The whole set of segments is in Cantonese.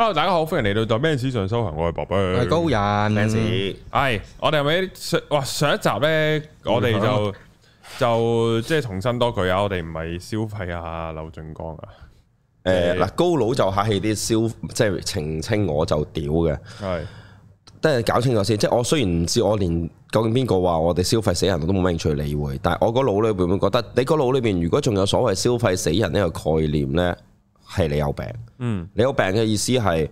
Hello 大家好，歡迎嚟到《在 Benz 上修行》，我係 Benz，係高人，咩事？係我哋喺咪哇，上一集咧，我哋、嗯、哼就就即係重新多句啊！我哋唔係消費啊劉俊江啊，誒嗱、呃，高佬就客氣啲消，即係澄清我就屌嘅，係是，都係搞清楚先。即係我雖然唔知我連究竟邊個話我哋消費死人，我都冇乜興趣理會。但係我個腦裏邊會覺得，你個腦裏邊如果仲有所謂消費死人呢個概念咧？係你有病，嗯，你有病嘅意思係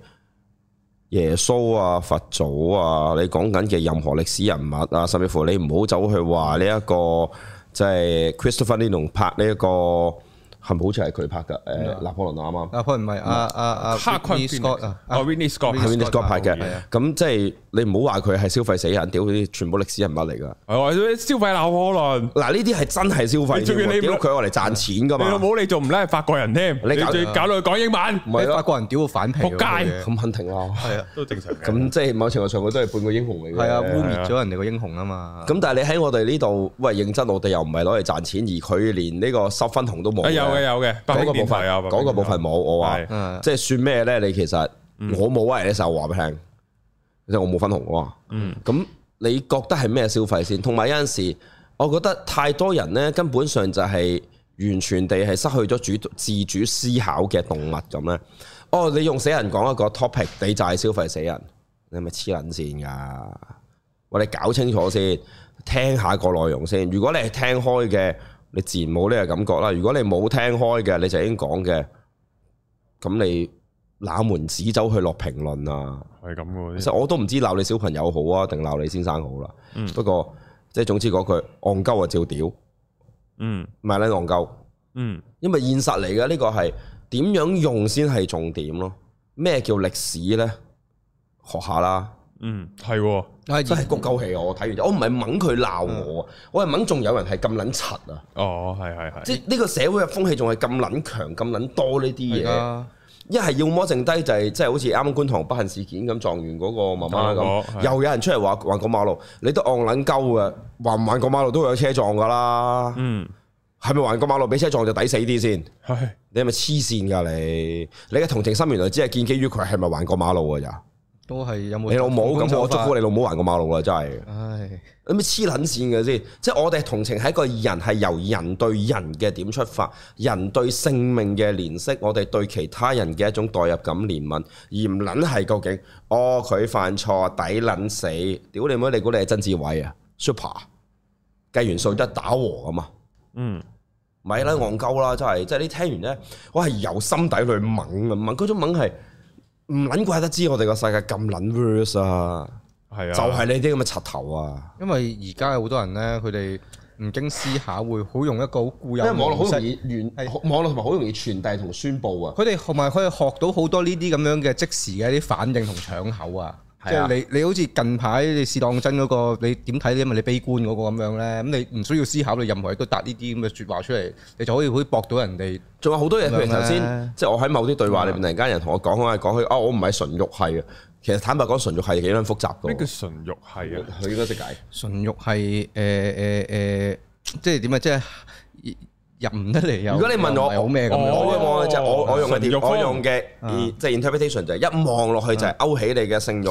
耶穌啊、佛祖啊，你講緊嘅任何歷史人物啊，甚至乎你唔好走去話呢一個即係 Christopher Nolan 拍呢一個。就是係咪好似係佢拍嘅，誒拿破崙啊啱啱拿破崙唔係啊啊啊，Vinny Scott 啊，Vinny Scott 係 Vinny Scott 拍嘅，咁即係你唔好話佢係消費死人，屌佢啲全部歷史人物嚟㗎。消費拿破崙，嗱呢啲係真係消費，你仲要攞佢嚟賺錢㗎嘛？冇你做唔咧，法國人添，你再搞佢講英文唔係法國人，屌佢反皮仆街，咁肯定咯，係啊都正常嘅。咁即係某程度上佢都係半個英雄嚟嘅，係啊污蔑咗人哋個英雄啊嘛。咁但係你喺我哋呢度喂認真，我哋又唔係攞嚟賺錢，而佢連呢個十分紅都冇。有嘅有嘅，嗰個部分有，嗰個部分冇。我話，是的 即係算咩呢？你其實、嗯、我冇啊！話俾你聽，即係我冇分紅啊。嗯，咁你覺得係咩消費先？同埋有陣時，我覺得太多人呢，根本上就係完全地係失去咗主自主思考嘅動物咁呢，哦，你用死人講一個 topic，你就係消費死人，你係咪黐撚線噶？我哋搞清楚先，聽下個內容先。如果你係聽開嘅。你自然冇呢個感覺啦。如果你冇聽開嘅，你就已經講嘅，咁你哪門子走去落評論啊？係咁嘅。其實我都唔知鬧你小朋友好啊，定鬧你先生好啦，啊。嗯、不過即係總之嗰句，戇鳩啊照屌。嗯，唔係咧戇鳩。嗯，因為現實嚟嘅呢個係點樣用先係重點咯。咩叫歷史咧？學下啦。嗯，係，真係谷鳩氣。我睇完，我唔係掹佢鬧我，我係掹仲有人係咁捻柒啊！哦，係係係，即係呢個社會嘅風氣仲係咁捻強、咁捻多呢啲嘢。一係要摸剩低就係，即係好似啱啱觀塘不幸事件咁，撞完嗰個媽媽咁，又有人出嚟話橫過馬路，你都戇捻鳩嘅，橫唔橫過馬路都會有車撞噶啦。嗯，係咪橫過馬路俾車撞就抵死啲先？你係咪黐線噶你？你嘅同情心原來只係建基於佢係咪橫過馬路啊？就。都係有冇你老母咁，我祝福你老母唔好行過馬路啦，真係。唉，咁咪黐撚線嘅先，即係我哋同情係一個人係由人對人嘅點出發，人對性命嘅憐惜，我哋對其他人嘅一種代入感憐憫，而唔撚係究竟哦佢犯錯抵撚死，屌你妹！你估你係曾志偉啊？Super 計完數都係打和啊嘛，嗯，咪啦戇鳩啦，真係即係你聽完咧，我係由心底去問嘅問，嗰種問唔撚怪得知我哋個世界咁撚 vers 啊，係啊，就係呢啲咁嘅柒頭啊。因為而家有好多人咧，佢哋唔經思考會好用一個好固有，因為網絡好容易聯，是網絡同埋好容易傳遞同宣佈啊。佢哋同埋佢哋學到好多呢啲咁樣嘅即時嘅一啲反應同搶口啊。即係你，你好似近排你試當真嗰個，你點睇咧？因為你悲觀嗰個咁樣咧，咁你唔需要思考，你任何嘢都答呢啲咁嘅説話出嚟，你就可以可以駁到人哋。仲有好多嘢，譬如頭先，即係我喺某啲對話裏面，的突然間人同我講啊，講佢啊，我唔係純欲係嘅。其實坦白講，純欲係幾撚複雜嘅。咩叫純欲係啊？佢應該識解。純欲係誒誒誒，即係點啊？即係。入唔得嚟，如果你問我，我會望就我我用嘅，我用嘅即係 interpretation 就係一望落去就係勾起你嘅性慾，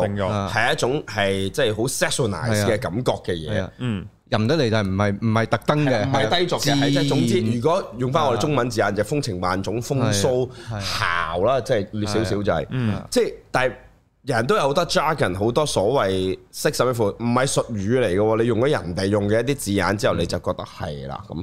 係一種係即係好 sexualized 嘅感覺嘅嘢。嗯，入唔得嚟就係唔係唔係特登嘅，唔係低俗嘅。總之，如果用翻我哋中文字眼，就風情萬種、風騷姣啦，即係略少少就係。嗯，即係但係人都有好多 jargon 好多所謂適手一副，唔係術語嚟嘅喎。你用咗人哋用嘅一啲字眼之後，你就覺得係啦咁。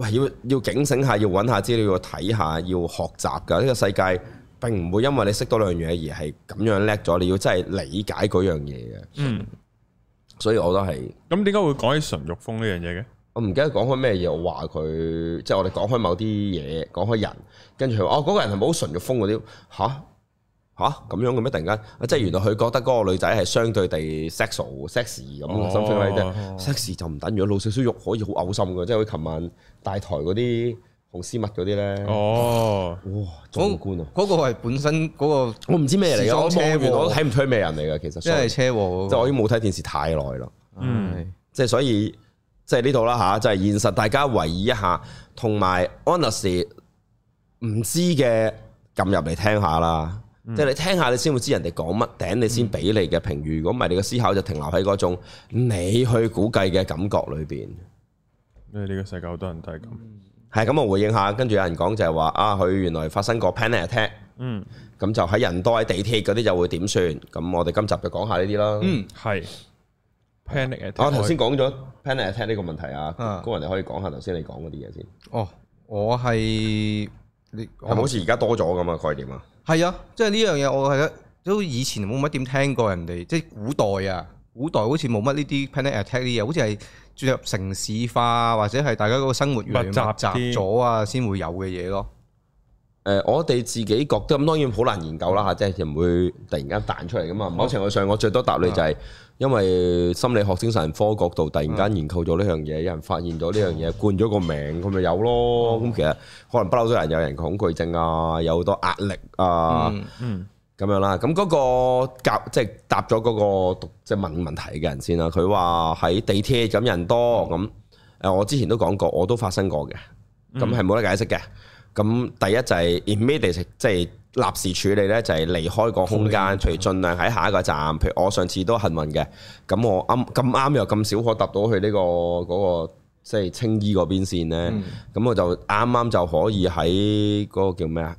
喂，要要警醒下，要揾下資料，要睇下，要學習噶。呢、這個世界並唔會因為你識多兩樣嘢而係咁樣叻咗。你要真係理解嗰樣嘢嘅。嗯，所以我都係。咁點解會講起純欲風呢樣嘢嘅？我唔記得講開咩嘢，就是、我話佢，即係我哋講開某啲嘢，講開人，跟住佢，哦，嗰個人係咪好純欲風嗰啲嚇。啊嚇咁、啊、樣嘅咩？突然間即係原來佢覺得嗰個女仔係相對地 sexual、sexy 咁心嘅啫。sexy、哦、就唔等於露少少肉可以好嘔心嘅，即係佢琴晚大台嗰啲紅絲襪嗰啲咧。哦，哇！壯觀啊！嗰、那個係本身嗰、那個我唔知咩嚟嘅，我都睇唔出咩人嚟嘅，其實真係車禍、那個，即係我已經冇睇電視太耐啦。嗯，嗯即係所以即係呢度啦吓，就係現實大家維議一下，同埋 Anus 唔知嘅撳入嚟聽下啦。嗯、即係你聽下，你先會知人哋講乜，頂你先俾你嘅評語。如果唔係，你嘅思考就停留喺嗰種你去估計嘅感覺裏邊。因為呢個世界好多人都係咁。係咁、嗯，我回應下。跟住有人講就係話啊，佢原來發生過 panic attack。嗯。咁就喺人多喺地鐵嗰啲，又會點算？咁我哋今集就講下呢啲咯。嗯，係。panic attack、啊。我頭先、啊、講咗 panic attack 呢個問題啊，高人哋可以講下頭先你講嗰啲嘢先。哦，我係。係咪好似而家多咗咁嘅概念啊？係啊，即係呢樣嘢我係都以前冇乜點聽過人哋，即係古代啊，古代好似冇乜呢啲 panic attack 啲嘢，好似係進入城市化或者係大家個生活密集咗啊，先會有嘅嘢咯。誒、嗯，我哋自己覺得咁當然好難研究啦嚇，即係就唔會突然間彈出嚟噶嘛。某程度上，我最多答你就係、是。嗯因為心理學、精神科角度突然間研究咗呢樣嘢，有人發現咗呢樣嘢，冠咗個名，咁咪有咯。咁其實可能不嬲都人有人恐懼症啊，有好多壓力啊，咁、嗯嗯、樣啦。咁嗰、那個即係答咗嗰、那個即問問題嘅人先啦。佢話喺地鐵咁人多咁，誒我之前都講過，我都發生過嘅，咁係冇得解釋嘅。咁第一就係、是、Immediate 即係。立時處理咧，就係離開個空間，除盡量喺下一個站。譬如我上次都幸運嘅，咁我啱咁啱又咁少可搭到去呢、這個嗰、那個即係青衣嗰邊線咧，咁、嗯、我就啱啱就可以喺嗰個叫咩啊？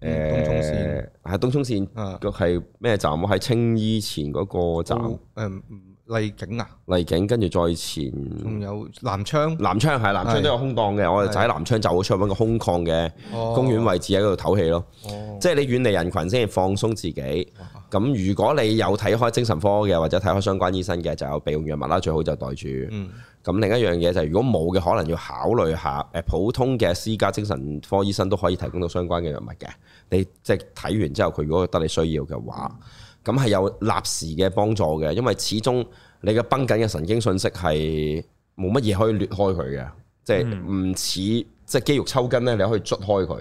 誒、嗯、東涌線，係、呃、東涌線，個係咩站？啊、我喺青衣前嗰個站。哦嗯荔景啊，荔景跟住再前，仲有南昌，南昌係南昌都有空檔嘅，的我哋就喺南昌就嗰出揾個空曠嘅公園位置喺度唞氣咯，哦、即係你遠離人群先至放鬆自己。咁、哦、如果你有睇開精神科嘅或者睇開相關醫生嘅，就有備用藥物啦，最好就袋住。咁、嗯、另一樣嘢就係如果冇嘅，可能要考慮下，誒，普通嘅私家精神科醫生都可以提供到相關嘅藥物嘅。你即係睇完之後，佢如果覺得你需要嘅話。嗯嗯咁係有立時嘅幫助嘅，因為始終你嘅繃緊嘅神經訊息係冇乜嘢可以裂開佢嘅，即係唔似即係肌肉抽筋咧，你可以捽開佢。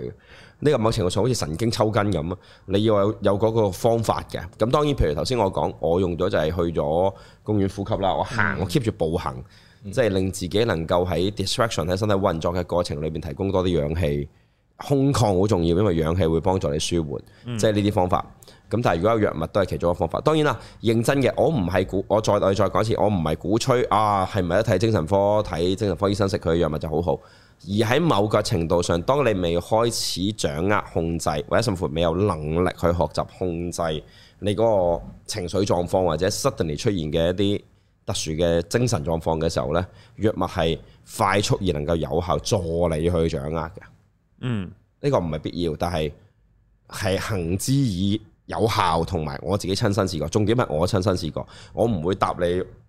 呢、這個某程度上好似神經抽筋咁，你要有有嗰個方法嘅。咁當然，譬如頭先我講，我用咗就係去咗公園呼吸啦，我行，我 keep 住步行，即係、嗯、令自己能夠喺 distraction 喺身體運作嘅過程裏邊提供多啲氧氣，空曠好重要，因為氧氣會幫助你舒緩，即係呢啲方法。咁但係如果有藥物都係其中一個方法，當然啦，認真嘅，我唔係鼓，我再我再講一次，我唔係鼓吹啊，係咪一睇精神科睇精神科醫生食佢嘅藥物就好好？而喺某個程度上，當你未開始掌握控制，或者甚至乎未有能力去學習控制你個情緒狀況，或者 suddenly 出現嘅一啲特殊嘅精神狀況嘅時候，呢藥物係快速而能夠有效助你去掌握嘅。嗯，呢個唔係必要，但係係行之以有效同埋我自己親身試過，重點係我親身試過，我唔會答你，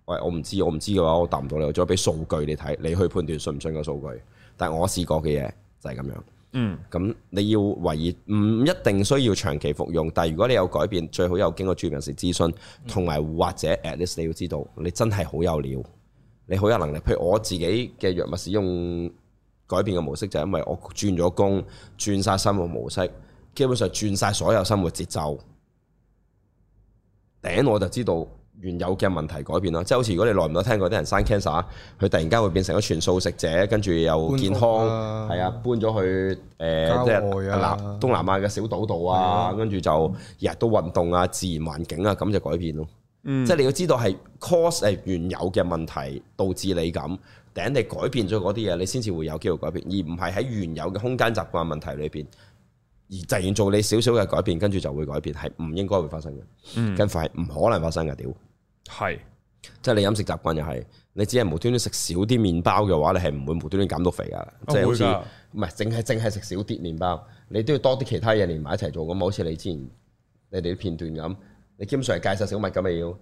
喂，我唔知，我唔知嘅話，我答唔到你。我再俾數據你睇，你去判斷信唔信個數據。但係我試過嘅嘢就係咁樣，嗯。咁你要懷疑，唔一定需要長期服用，但係如果你有改變，最好有經過專業人士諮詢，同埋或者、嗯、at least 你要知道，你真係好有料，你好有能力。譬如我自己嘅藥物使用改變嘅模式，就係、因為我轉咗工，轉晒生活模式。基本上轉晒所有生活節奏，頂我就知道原有嘅問題改變咯。即係好似如果你耐唔耐聽過啲人生 cancer，佢突然間會變成咗全素食者，跟住又健康，係啊，啊，搬咗去誒、呃啊、即係南東南亞嘅小島度啊，跟住就日日都運動啊，嗯、自然環境啊，咁就改變咯。嗯、即係你要知道係 cause 係原有嘅問題導致你咁，頂你改變咗嗰啲嘢，你先至會有機會改變，而唔係喺原有嘅空間習慣問題裏邊。而自然做你少少嘅改變，跟住就會改變，係唔應該會發生嘅，跟住唔可能發生嘅，屌，係，即係你飲食習慣又係，你只係無端端食少啲麪包嘅話，你係唔會無端端減到肥噶，即係好似唔係淨係淨係食少啲麪包，你都要多啲其他嘢連埋一齊做，咁好似你之前你哋啲片段咁，你基本上係戒食食物咁咪要，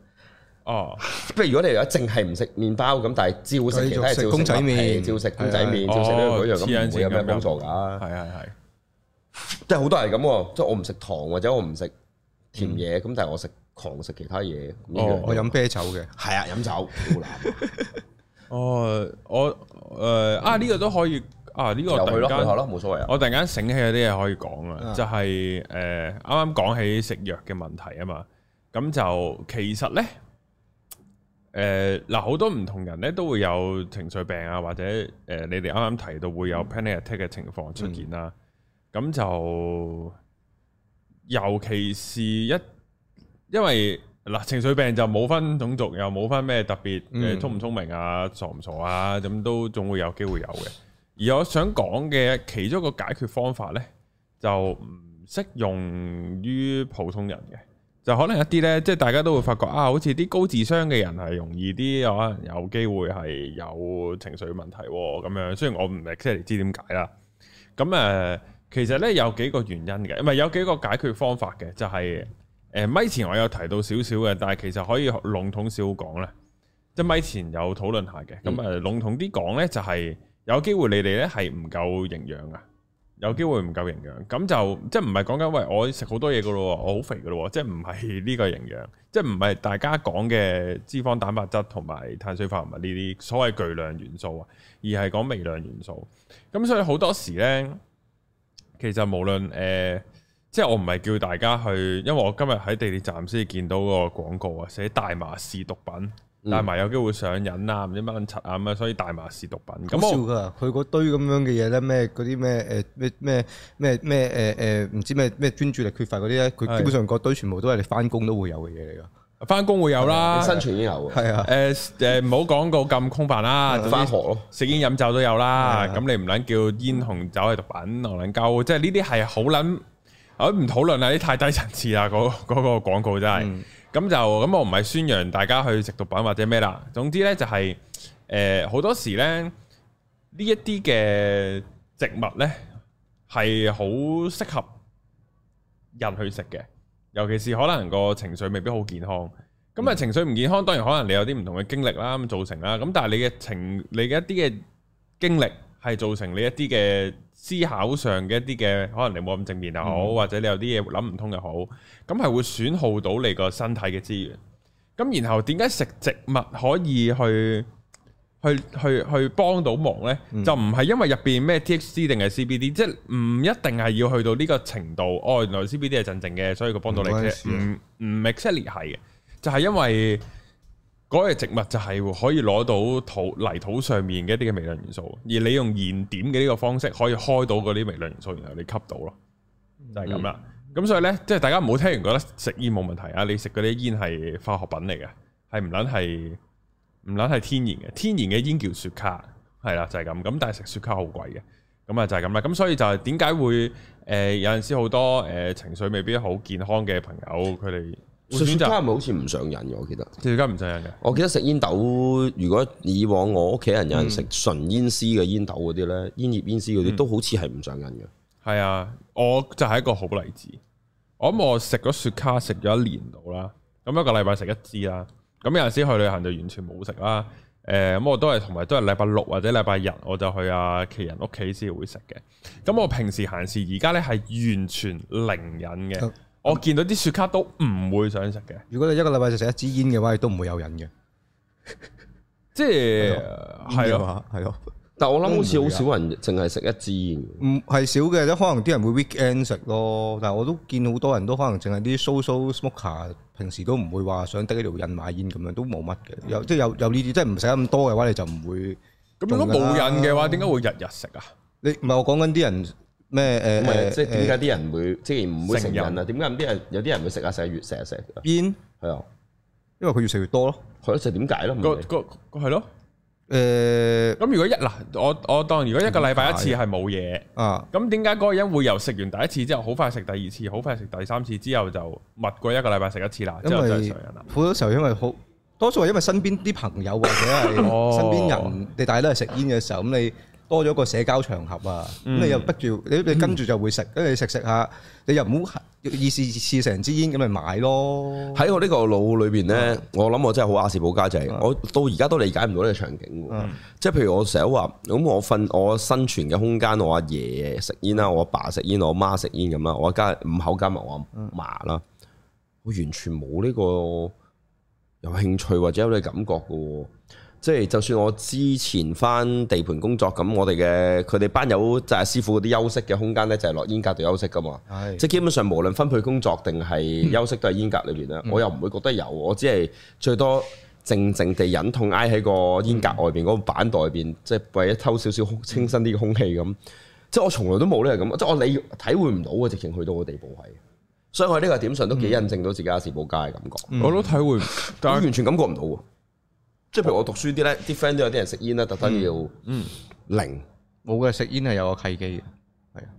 哦，不如如果你而家淨係唔食麪包咁，但係照食，食公仔麵，照食公仔麵，照食嗰樣咁，唔會有咩幫助噶，係係係。即係好多係咁，即係我唔食糖或者我唔食甜嘢，咁、嗯、但係我食狂食其他嘢。哦、我飲啤酒嘅，係啊， 飲酒。好難 哦，我誒、呃嗯、啊呢、這個都可以啊呢、這個突然間，我突然間、啊、醒起有啲嘢可以講啊，就係誒啱啱講起食藥嘅問題啊嘛，咁就其實咧誒嗱好多唔同人咧都會有情緒病啊，或者誒、呃、你哋啱啱提到會有 panic attack 嘅情況出現啦。嗯嗯咁就，尤其是一，因為嗱、呃、情緒病就冇分種族，又冇分咩特別誒聰唔聰明啊，傻唔傻啊，咁都總會有機會有嘅。而我想講嘅其中一個解決方法呢，就唔適用於普通人嘅，就可能一啲呢，即係大家都會發覺啊，好似啲高智商嘅人係容易啲，可能有機會係有情緒問題咁、啊、樣。雖然我唔係即係知點解啦，咁誒。呃其實咧有幾個原因嘅，唔係有幾個解決方法嘅，就係、是、誒、呃，咪前我有提到少少嘅，但係其實可以籠統少講啦。即係咪前有討論下嘅，咁誒、嗯、籠統啲講咧，就係、是、有機會你哋咧係唔夠營養啊，有機會唔夠營養，咁就即係唔係講緊喂我食好多嘢嘅咯，我好肥嘅咯，即係唔係呢個營養，即係唔係大家講嘅脂肪、蛋白質同埋碳水化合物呢啲所謂巨量元素啊，而係講微量元素。咁所以好多時咧。其實無論誒、呃，即係我唔係叫大家去，因為我今日喺地鐵站先見到個廣告啊，寫大麻是毒品，嗯、大麻有機會上癮啦、啊，唔知乜撚柒啊咁啊，所以大麻是毒品。好笑噶，佢嗰我堆咁樣嘅嘢咧，咩嗰啲咩誒咩咩咩咩誒誒，唔、呃呃呃呃、知咩咩專注力缺乏嗰啲咧，佢基本上嗰堆全部都係你翻工都會有嘅嘢嚟㗎。翻工會有啦，生存已有。係啊、呃，誒、呃、誒，唔好講到咁空泛啦。翻 學咯，食煙 飲，飲酒都有啦。咁的你唔撚叫煙同酒係毒品，我撚鳩，即係呢啲係好撚，我唔討論啦，啲太低層次啦，嗰、那、嗰、個那個廣告真係。咁、嗯、就咁，我唔係宣揚大家去食毒品或者咩啦。總之咧、就是，就係誒好多時咧，呢一啲嘅植物咧係好適合人去食嘅。尤其是可能個情緒未必好健康，咁啊情緒唔健康，當然可能你有啲唔同嘅經歷啦，咁造成啦，咁但係你嘅情，你嘅一啲嘅經歷係造成你一啲嘅思考上嘅一啲嘅，可能你冇咁正面又好，或者你有啲嘢諗唔通又好，咁係會損耗到你個身體嘅資源。咁然後點解食植物可以去？去去去幫到忙呢，嗯、就唔係因為入邊咩 THC 定係 CBD，即係唔一定係要去到呢個程度。哦，原來 CBD 係鎮靜嘅，所以佢幫到你啫。唔 exactly 係嘅，就係、是、因為嗰個植物就係可以攞到土泥土上面嘅一啲嘅微量元素，而你用燃點嘅呢個方式可以開到嗰啲微量元素，然後你吸到咯，就係咁啦。咁、嗯、所以呢，即、就、係、是、大家唔好聽完覺得食煙冇問題啊！你食嗰啲煙係化學品嚟嘅，係唔撚係。唔撚係天然嘅，天然嘅煙叫雪茄，係啦就係、是、咁，咁但係食雪茄好貴嘅，咁啊就係咁啦，咁所以就係點解會誒、呃、有陣時好多誒、呃、情緒未必好健康嘅朋友佢哋會選擇。雪茄係咪好似唔上癮嘅？我記得雪茄唔上癮嘅。我記得食煙斗，如果以往我屋企人有人食純煙絲嘅煙斗嗰啲咧，嗯、煙葉煙絲嗰啲、嗯、都好似係唔上癮嘅。係啊，我就係一個好例子。我諗我食咗雪茄食咗一年到啦，咁、那個、一個禮拜食一支啦。咁有陣時去旅行就完全冇食啦，誒、呃、咁我都係同埋都係禮拜六或者禮拜日我就去阿、啊、其人屋企先會食嘅。咁我平時行事而家咧係完全零癮嘅，嗯、我見到啲雪茄都唔會想食嘅。如果你一個禮拜就食一支煙嘅話，都唔會有癮嘅。 即係係咯，係咯。但我諗好似好少人淨係食一支煙，唔係少嘅，即係可能啲人會 weekend 食咯。但係我都見好多人都可能淨係啲 so so smoker，平時都唔會話想得一條癮買煙咁樣，都冇乜嘅。有即係有有呢啲，即係唔使咁多嘅話，你就唔會。咁如果冇癮嘅話，點解會日日食啊？你唔係我講緊啲人咩？誒，即係點解啲人會即係唔會食癮啊？點解啲人有啲人會食啊？成日越食越食煙，係啊，邊嗎因為佢越食越多咯。佢一食點解咯？個個個係咯。誒咁、嗯、如果一嗱，我我當如果一個禮拜一次係冇嘢啊，咁點解嗰個人會由食完第一次之後，好快食第二次，好快食第三次之後就密過一個禮拜食一次啦？因為好多時候因為好多數係因為身邊啲朋友或者係身邊人，你大家都係食煙嘅時候咁你。多咗個社交場合啊！咁、嗯、你又逼住，你你跟住就會食，跟住食食下，你又唔好意思試成支煙咁嚟買咯。喺我呢個腦裏邊咧，嗯、我諗我真係好亞氏保加，就係，我到而家都理解唔到呢個場景。嗯、即係譬如我成日話，咁我瞓我生存嘅空間，我阿爺食煙啦，我阿爸食煙，我阿媽食煙咁啦，我一家五口加埋我阿嫲啦，嗯、我完全冇呢個有興趣或者有嘅感覺嘅喎。即係就算我之前返地盤工作，咁我哋嘅佢哋班友就係、是、師傅嗰啲休息嘅空間呢，就係落煙格度休息噶嘛。是即係基本上無論分配工作定係休息都喺煙格裏邊啦。嗯、我又唔會覺得有，我只係最多靜靜地忍痛挨喺個煙格外邊嗰、嗯、個板袋入邊，即係為咗偷少少清新啲嘅空氣咁。即係我從來都冇呢係咁。即係我理體會唔到啊，直情去到個地步係。所以我呢個點上都幾印證到自己亞氏保加嘅感覺。我都體會，但係、嗯、 完全感覺唔到喎。即係譬如我讀書啲咧，啲 friend 都有啲人食煙啦，特登要零嗯,嗯零冇嘅食煙係有個契機嘅，係啊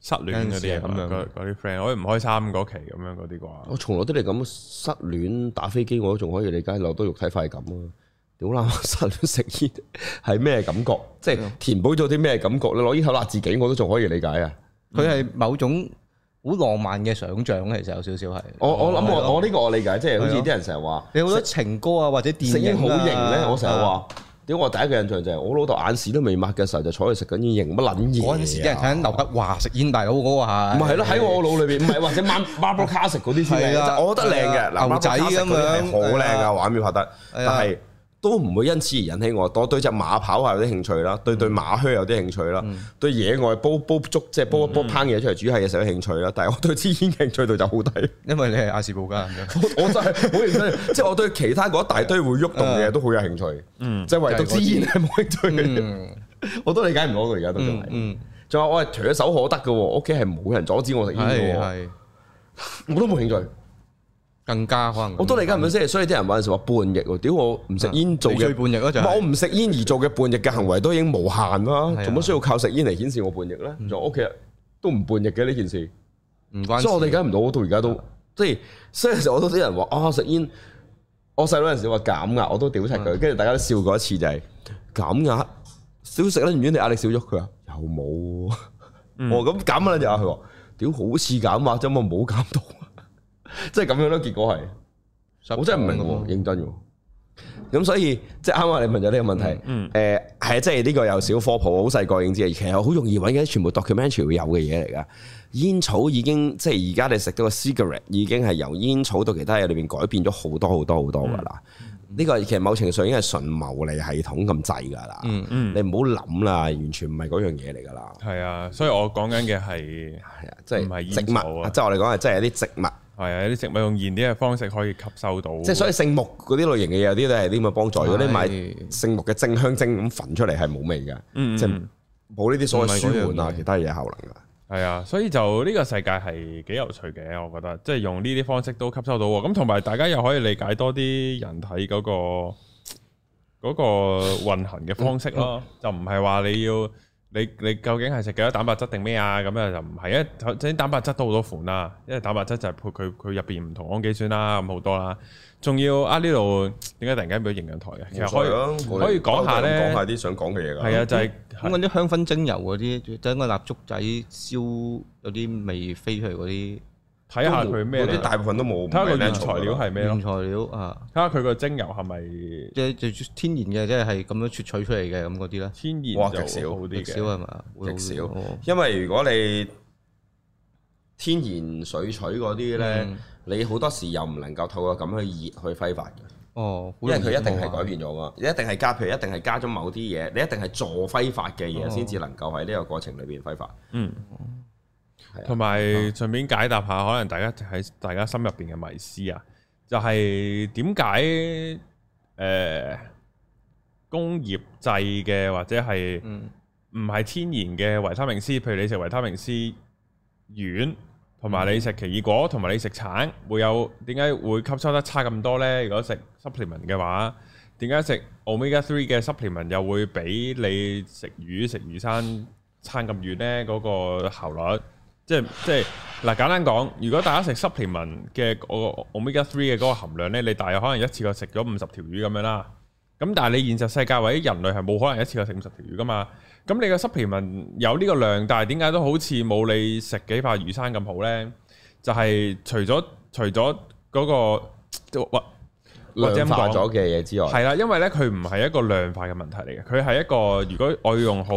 失戀嗰啲啊咁樣，嗰啲 friend 可唔開三嗰期咁樣嗰啲啩？我從來都係咁，失戀打飛機我都仲可以理解，落到肉體快感啊！屌啦，失戀食煙係咩感覺？即係 填補咗啲咩感覺？你攞煙頭辣自己我都仲可以理解啊！佢係、嗯、某種。好浪漫嘅想像其實有少少係，我我諗我我呢個我理解，即係好似啲人成日話，你覺得情歌啊或者電影食煙好型咧？我成日話，點解我第一個印象就係我老豆眼屎都未抹嘅時候就坐喺度食緊煙，型乜撚型啊！嗰陣時嘅人睇劉德華食煙大好高啊！唔係咯，喺我腦裏邊唔係或者 Marlboro 食嗰啲先我覺得靚嘅，牛仔咁樣好靚啊，畫面拍得，但係，都唔會因此而引起我，我對隻馬跑係有啲興趣啦，對對馬靴有啲興趣啦，對野外煲煲粥即係煲一煲烹嘢出嚟煮係嘅時候有興趣啦，但係我對支煙興趣度就好低，因為你係亞氏保加，我真係好認真，即係我對其他嗰一大堆會喐動嘅嘢都好有興趣，即係唯獨支煙係冇興趣嘅，我都理解唔到佢而家都仲係，仲話我係唾手可得嘅喎，屋企係冇人阻止我食煙嘅喎，我都冇興趣。更加可能，我都理解唔到先，所以啲人話成日叛逆，屌我唔食煙做嘅，唔係、啊啊就是、我唔食煙而做嘅叛逆嘅行為都已經無限啦，做乜、啊、需要靠食煙嚟顯示我叛逆咧？屋企人都唔叛逆嘅呢件事，關所以我理解唔到，我到而家都即係、啊，所以其實我都啲人話啊食煙，我細佬陣時話減壓，我都屌晒佢，跟住、嗯、大家都笑過一次就係減壓少食咧，唔知你壓力少咗佢啊？又冇，我咁減啦又，佢話屌好似減啊，咋嘛冇減到？即係咁樣咯，結果係我真係唔明喎，認真嘅。咁所以即係啱啱你問咗呢個問題，誒係即係呢個有小科普，好細個已經知嘅。其實好容易搵嘅，全部 documentary 會有嘅嘢嚟噶。煙草已經即係而家你食到個 cigarette 已經係由煙草到其他嘢裏邊改變咗好多好多好多噶啦。呢個其實某程度上已經係純牟利系統咁滯噶啦。你唔好諗啦，完全唔係嗰樣嘢嚟噶啦。係啊，所以我講緊嘅係，即係唔係煙草即係我哋講係即係一啲植物。係啊，有啲植物用燃啲嘅方式可以吸收到，即係所以聖木嗰啲類型嘅嘢，有啲都係啲咁嘅幫助。如果啲買聖木嘅蒸香精咁焚出嚟，係冇味嘅，即係冇呢啲所謂舒緩啊其他嘢效能噶。係啊，所以就呢個世界係幾有趣嘅，我覺得，即係用呢啲方式都吸收到，咁同埋大家又可以理解多啲人體嗰個嗰個運行嘅方式咯，就唔係話你要。你你究竟係食幾多蛋白質定咩啊？咁啊就唔係啊，頭先蛋白質都好多款啦、啊，因為蛋白質就係佢佢佢入邊唔同氨基酸啦咁好多啦、啊，仲要啊呢度點解突然間變咗營養台嘅、啊？嗯、其實可以、嗯、可以講下咧，講下啲想講嘅嘢㗎。係啊，就係講緊啲香薰精油嗰啲，等個蠟燭仔燒有啲味飛出嚟嗰啲。睇下佢咩，啲大部分都冇。睇下佢原材料係咩？原材料啊，睇下佢個精油係咪即係天然嘅，即係係咁樣萃取出嚟嘅咁嗰啲咧。那那呢天然就極少，極少係嘛？極少，因為如果你天然水取嗰啲咧，嗯、你好多時又唔能夠透過咁樣熱去揮發嘅。哦，因為佢一定係改變咗噶，哦、一定係加，譬如一定係加咗某啲嘢，你一定係助揮發嘅嘢先至能夠喺呢個過程裏邊揮發。嗯。同埋順便解答下，可能大家喺大家心入邊嘅迷思啊，就係點解誒工業製嘅或者係唔係天然嘅維他命 C？譬如你食維他命 C 丸，同埋你食奇異果，同埋你食橙，會有點解會吸收得差咁多呢？如果食 supplement 嘅話，點解食 omega three 嘅 supplement 又會比你食魚食魚生差咁遠呢？嗰個效率？即係即係嗱，簡單講，如果大家食濕皮文嘅嗰個 omega three 嘅嗰個含量咧，你大約可能一次過食咗五十條魚咁樣啦。咁但係你現實世界或者人類係冇可能一次過食五十條魚噶嘛。咁你個濕皮文有呢個量，但係點解都好似冇你食幾塊魚生咁好咧？就係、是、除咗除咗嗰、那個。量化咗嘅嘢之外，係啦，因為咧佢唔係一個量化嘅問題嚟嘅，佢係一個如果我要用好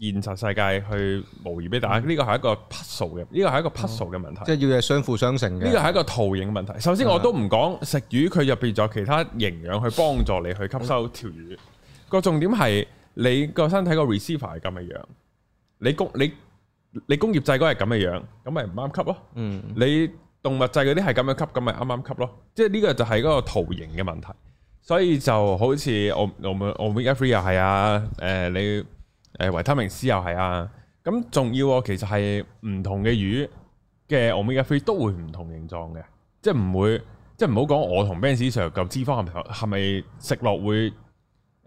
現實世界去模擬俾大家，呢個係一個 puzzle 嘅，呢個係一個 puzzle 嘅問題，嗯、即係要嘢相輔相成嘅。呢個係一個圖形問題。首先，我都唔講食魚，佢入邊仲有其他營養去幫助你去吸收條魚。嗯、個重點係你個身體個 receiver 係咁嘅樣，你工你你工業製嗰係咁嘅樣，咁咪唔啱吸咯。嗯，你。動物製嗰啲係咁樣吸，咁咪啱啱吸咯。即係呢個就係嗰個圖形嘅問題，所以就好似我我我 Omega Three 又係啊，誒、呃、你誒維、呃、他命 C 又係啊。咁仲要啊，其實係唔同嘅魚嘅 Omega Three 都會唔同形狀嘅，即係唔會，即係唔好講我同 Benz Sir 嚿脂肪係咪食落會？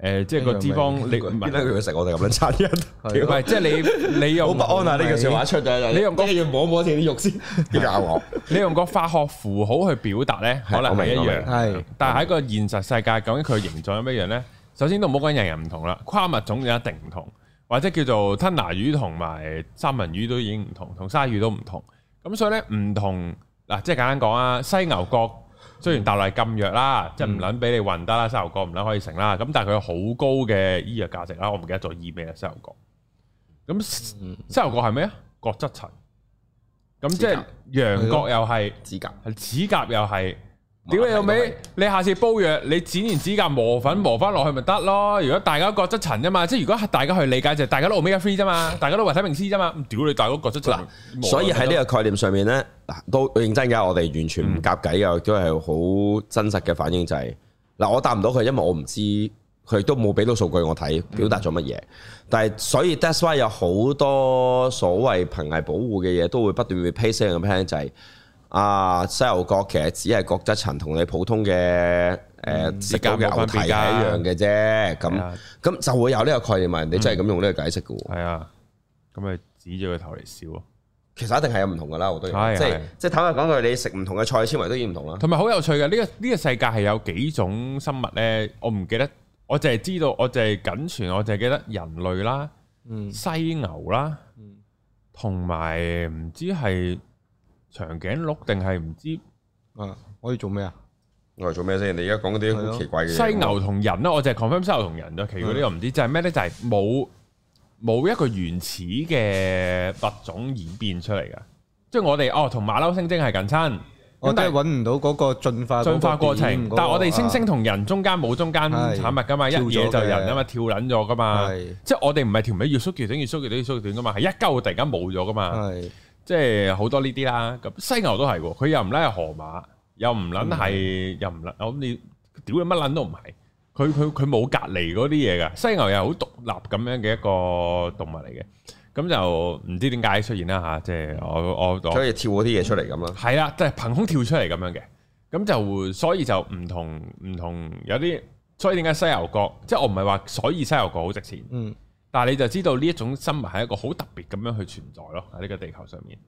誒、呃，即係個脂肪，白你唔邊佢要食我哋咁樣差啲人， 的 即係你你又好不安啊！呢句説話出咗，你用、嗰個嘢摸摸住啲肉先， 你用個化學符號去表達咧， 可能唔一樣，係。但係喺個現實世界，究竟佢形狀有咩樣咧？ 首先都唔好講人人唔同啦，跨物種就一定唔同，或者叫做吞拿魚同埋三文魚都已經唔同，同鯊魚都唔同。咁所以咧，唔同嗱，即係簡單講啊，犀牛角。雖然大陸係禁藥啦，嗯、即係唔撚俾你運得啦，犀牛角唔撚可以成啦，咁但係佢有好高嘅醫藥價值啦，我唔記得咗，醫咩啦，犀牛角，咁犀牛角係咩啊？質角質層，咁即係羊角又係指甲，指甲又係。屌你老味，你下次煲藥，你剪完指甲磨粉磨翻落去咪得咯？如果大家覺得塵啫嘛，即係如果大家去理解就係大家都老尾一 free 啫嘛，大家都為睇明師啫嘛，屌你，大佬。都覺得塵。所以喺呢個概念上面咧，都認真噶，我哋完全唔夾計噶，嗯、都係好真實嘅反應就係、是、嗱，我答唔到佢，因為我唔知佢都冇俾到數據我睇，表達咗乜嘢。但係所以 that's why 有好多所謂瀕危保護嘅嘢，都會不斷被 passing 嘅就係、是。啊！犀牛角其實只係角質層同你普通嘅誒食到嘅油體係一樣嘅啫，咁咁就會有呢個概念，咪人哋真係咁用呢個解釋嘅喎。係啊，咁咪指住佢頭嚟笑咯。其實一定係有唔同噶啦，好多即係即係坦白講句，你食唔同嘅菜，纖維都已經唔同啦。同埋好有趣嘅，呢個呢個世界係有幾種生物咧？我唔記得，我淨係知道，我淨係僅存，我淨係記得人類啦、犀牛啦，同埋唔知係。長頸鹿定係唔知？嗯，我哋做咩啊？我哋做咩先？你而家講嗰啲好奇怪嘅嘢。犀牛同人咧，我淨係 confirm 犀牛同人咯。其實嗰啲唔知，就係咩咧？就係冇冇一個原始嘅物種演變出嚟㗎。即係我哋哦，同馬騮猩猩係近親，但係揾唔到嗰個進化進化過程。但係我哋猩猩同人中間冇中間產物㗎嘛，一嘢就人啊嘛，跳卵咗㗎嘛。即係我哋唔係條尾越縮越短，越縮越短，越縮越短㗎嘛，係一鳩突然間冇咗㗎嘛。即係好多呢啲啦，咁犀牛都係喎，佢又唔撚係河馬，又唔撚係，嗯、又唔撚，咁你屌佢乜撚都唔係，佢佢佢冇隔離嗰啲嘢㗎，犀牛又好獨立咁樣嘅一個動物嚟嘅，咁就唔知點解出現啦吓，即係我我所以跳嗰啲嘢出嚟咁啦，係啦、嗯，即係憑空跳出嚟咁樣嘅，咁就所以就唔同唔同有啲，所以點解犀牛角，即係我唔係話所以犀牛角好值錢，嗯。但係你就知道呢一種生物係一個好特別咁樣去存在咯，喺呢個地球上面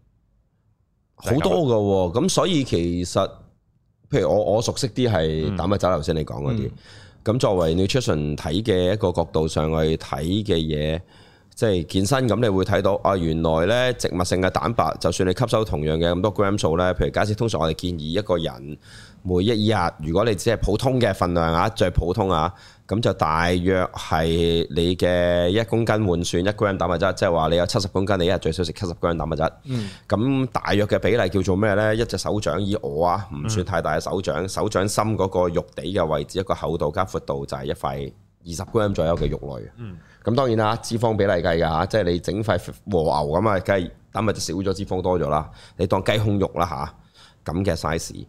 好、就是、多嘅喎、哦，咁所以其實譬如我我熟悉啲係蛋白質，頭先、嗯、你講嗰啲咁作為 nutrition 睇嘅一個角度上去睇嘅嘢，即係、就是、健身咁，你會睇到啊，原來咧植物性嘅蛋白就算你吸收同樣嘅咁多 gram 數咧，譬如假設通常我哋建議一個人每一日如果你只係普通嘅份量啊，最普通啊。咁就大約係你嘅一公斤換算一 gram 蛋白質，即係話你有七十公斤，你一日最少食七十 gram 蛋白質。咁、嗯、大約嘅比例叫做咩呢？一隻手掌以我啊，唔算太大嘅手掌，嗯、手掌心嗰個肉地嘅位置，一個厚度加闊度就係一塊二十 gram 左右嘅肉類。咁、嗯、當然啦，脂肪比例計㗎嚇，即係你整塊和牛咁啊，梗係蛋白質少咗，脂肪多咗啦。你當雞胸肉啦吓，咁嘅 size。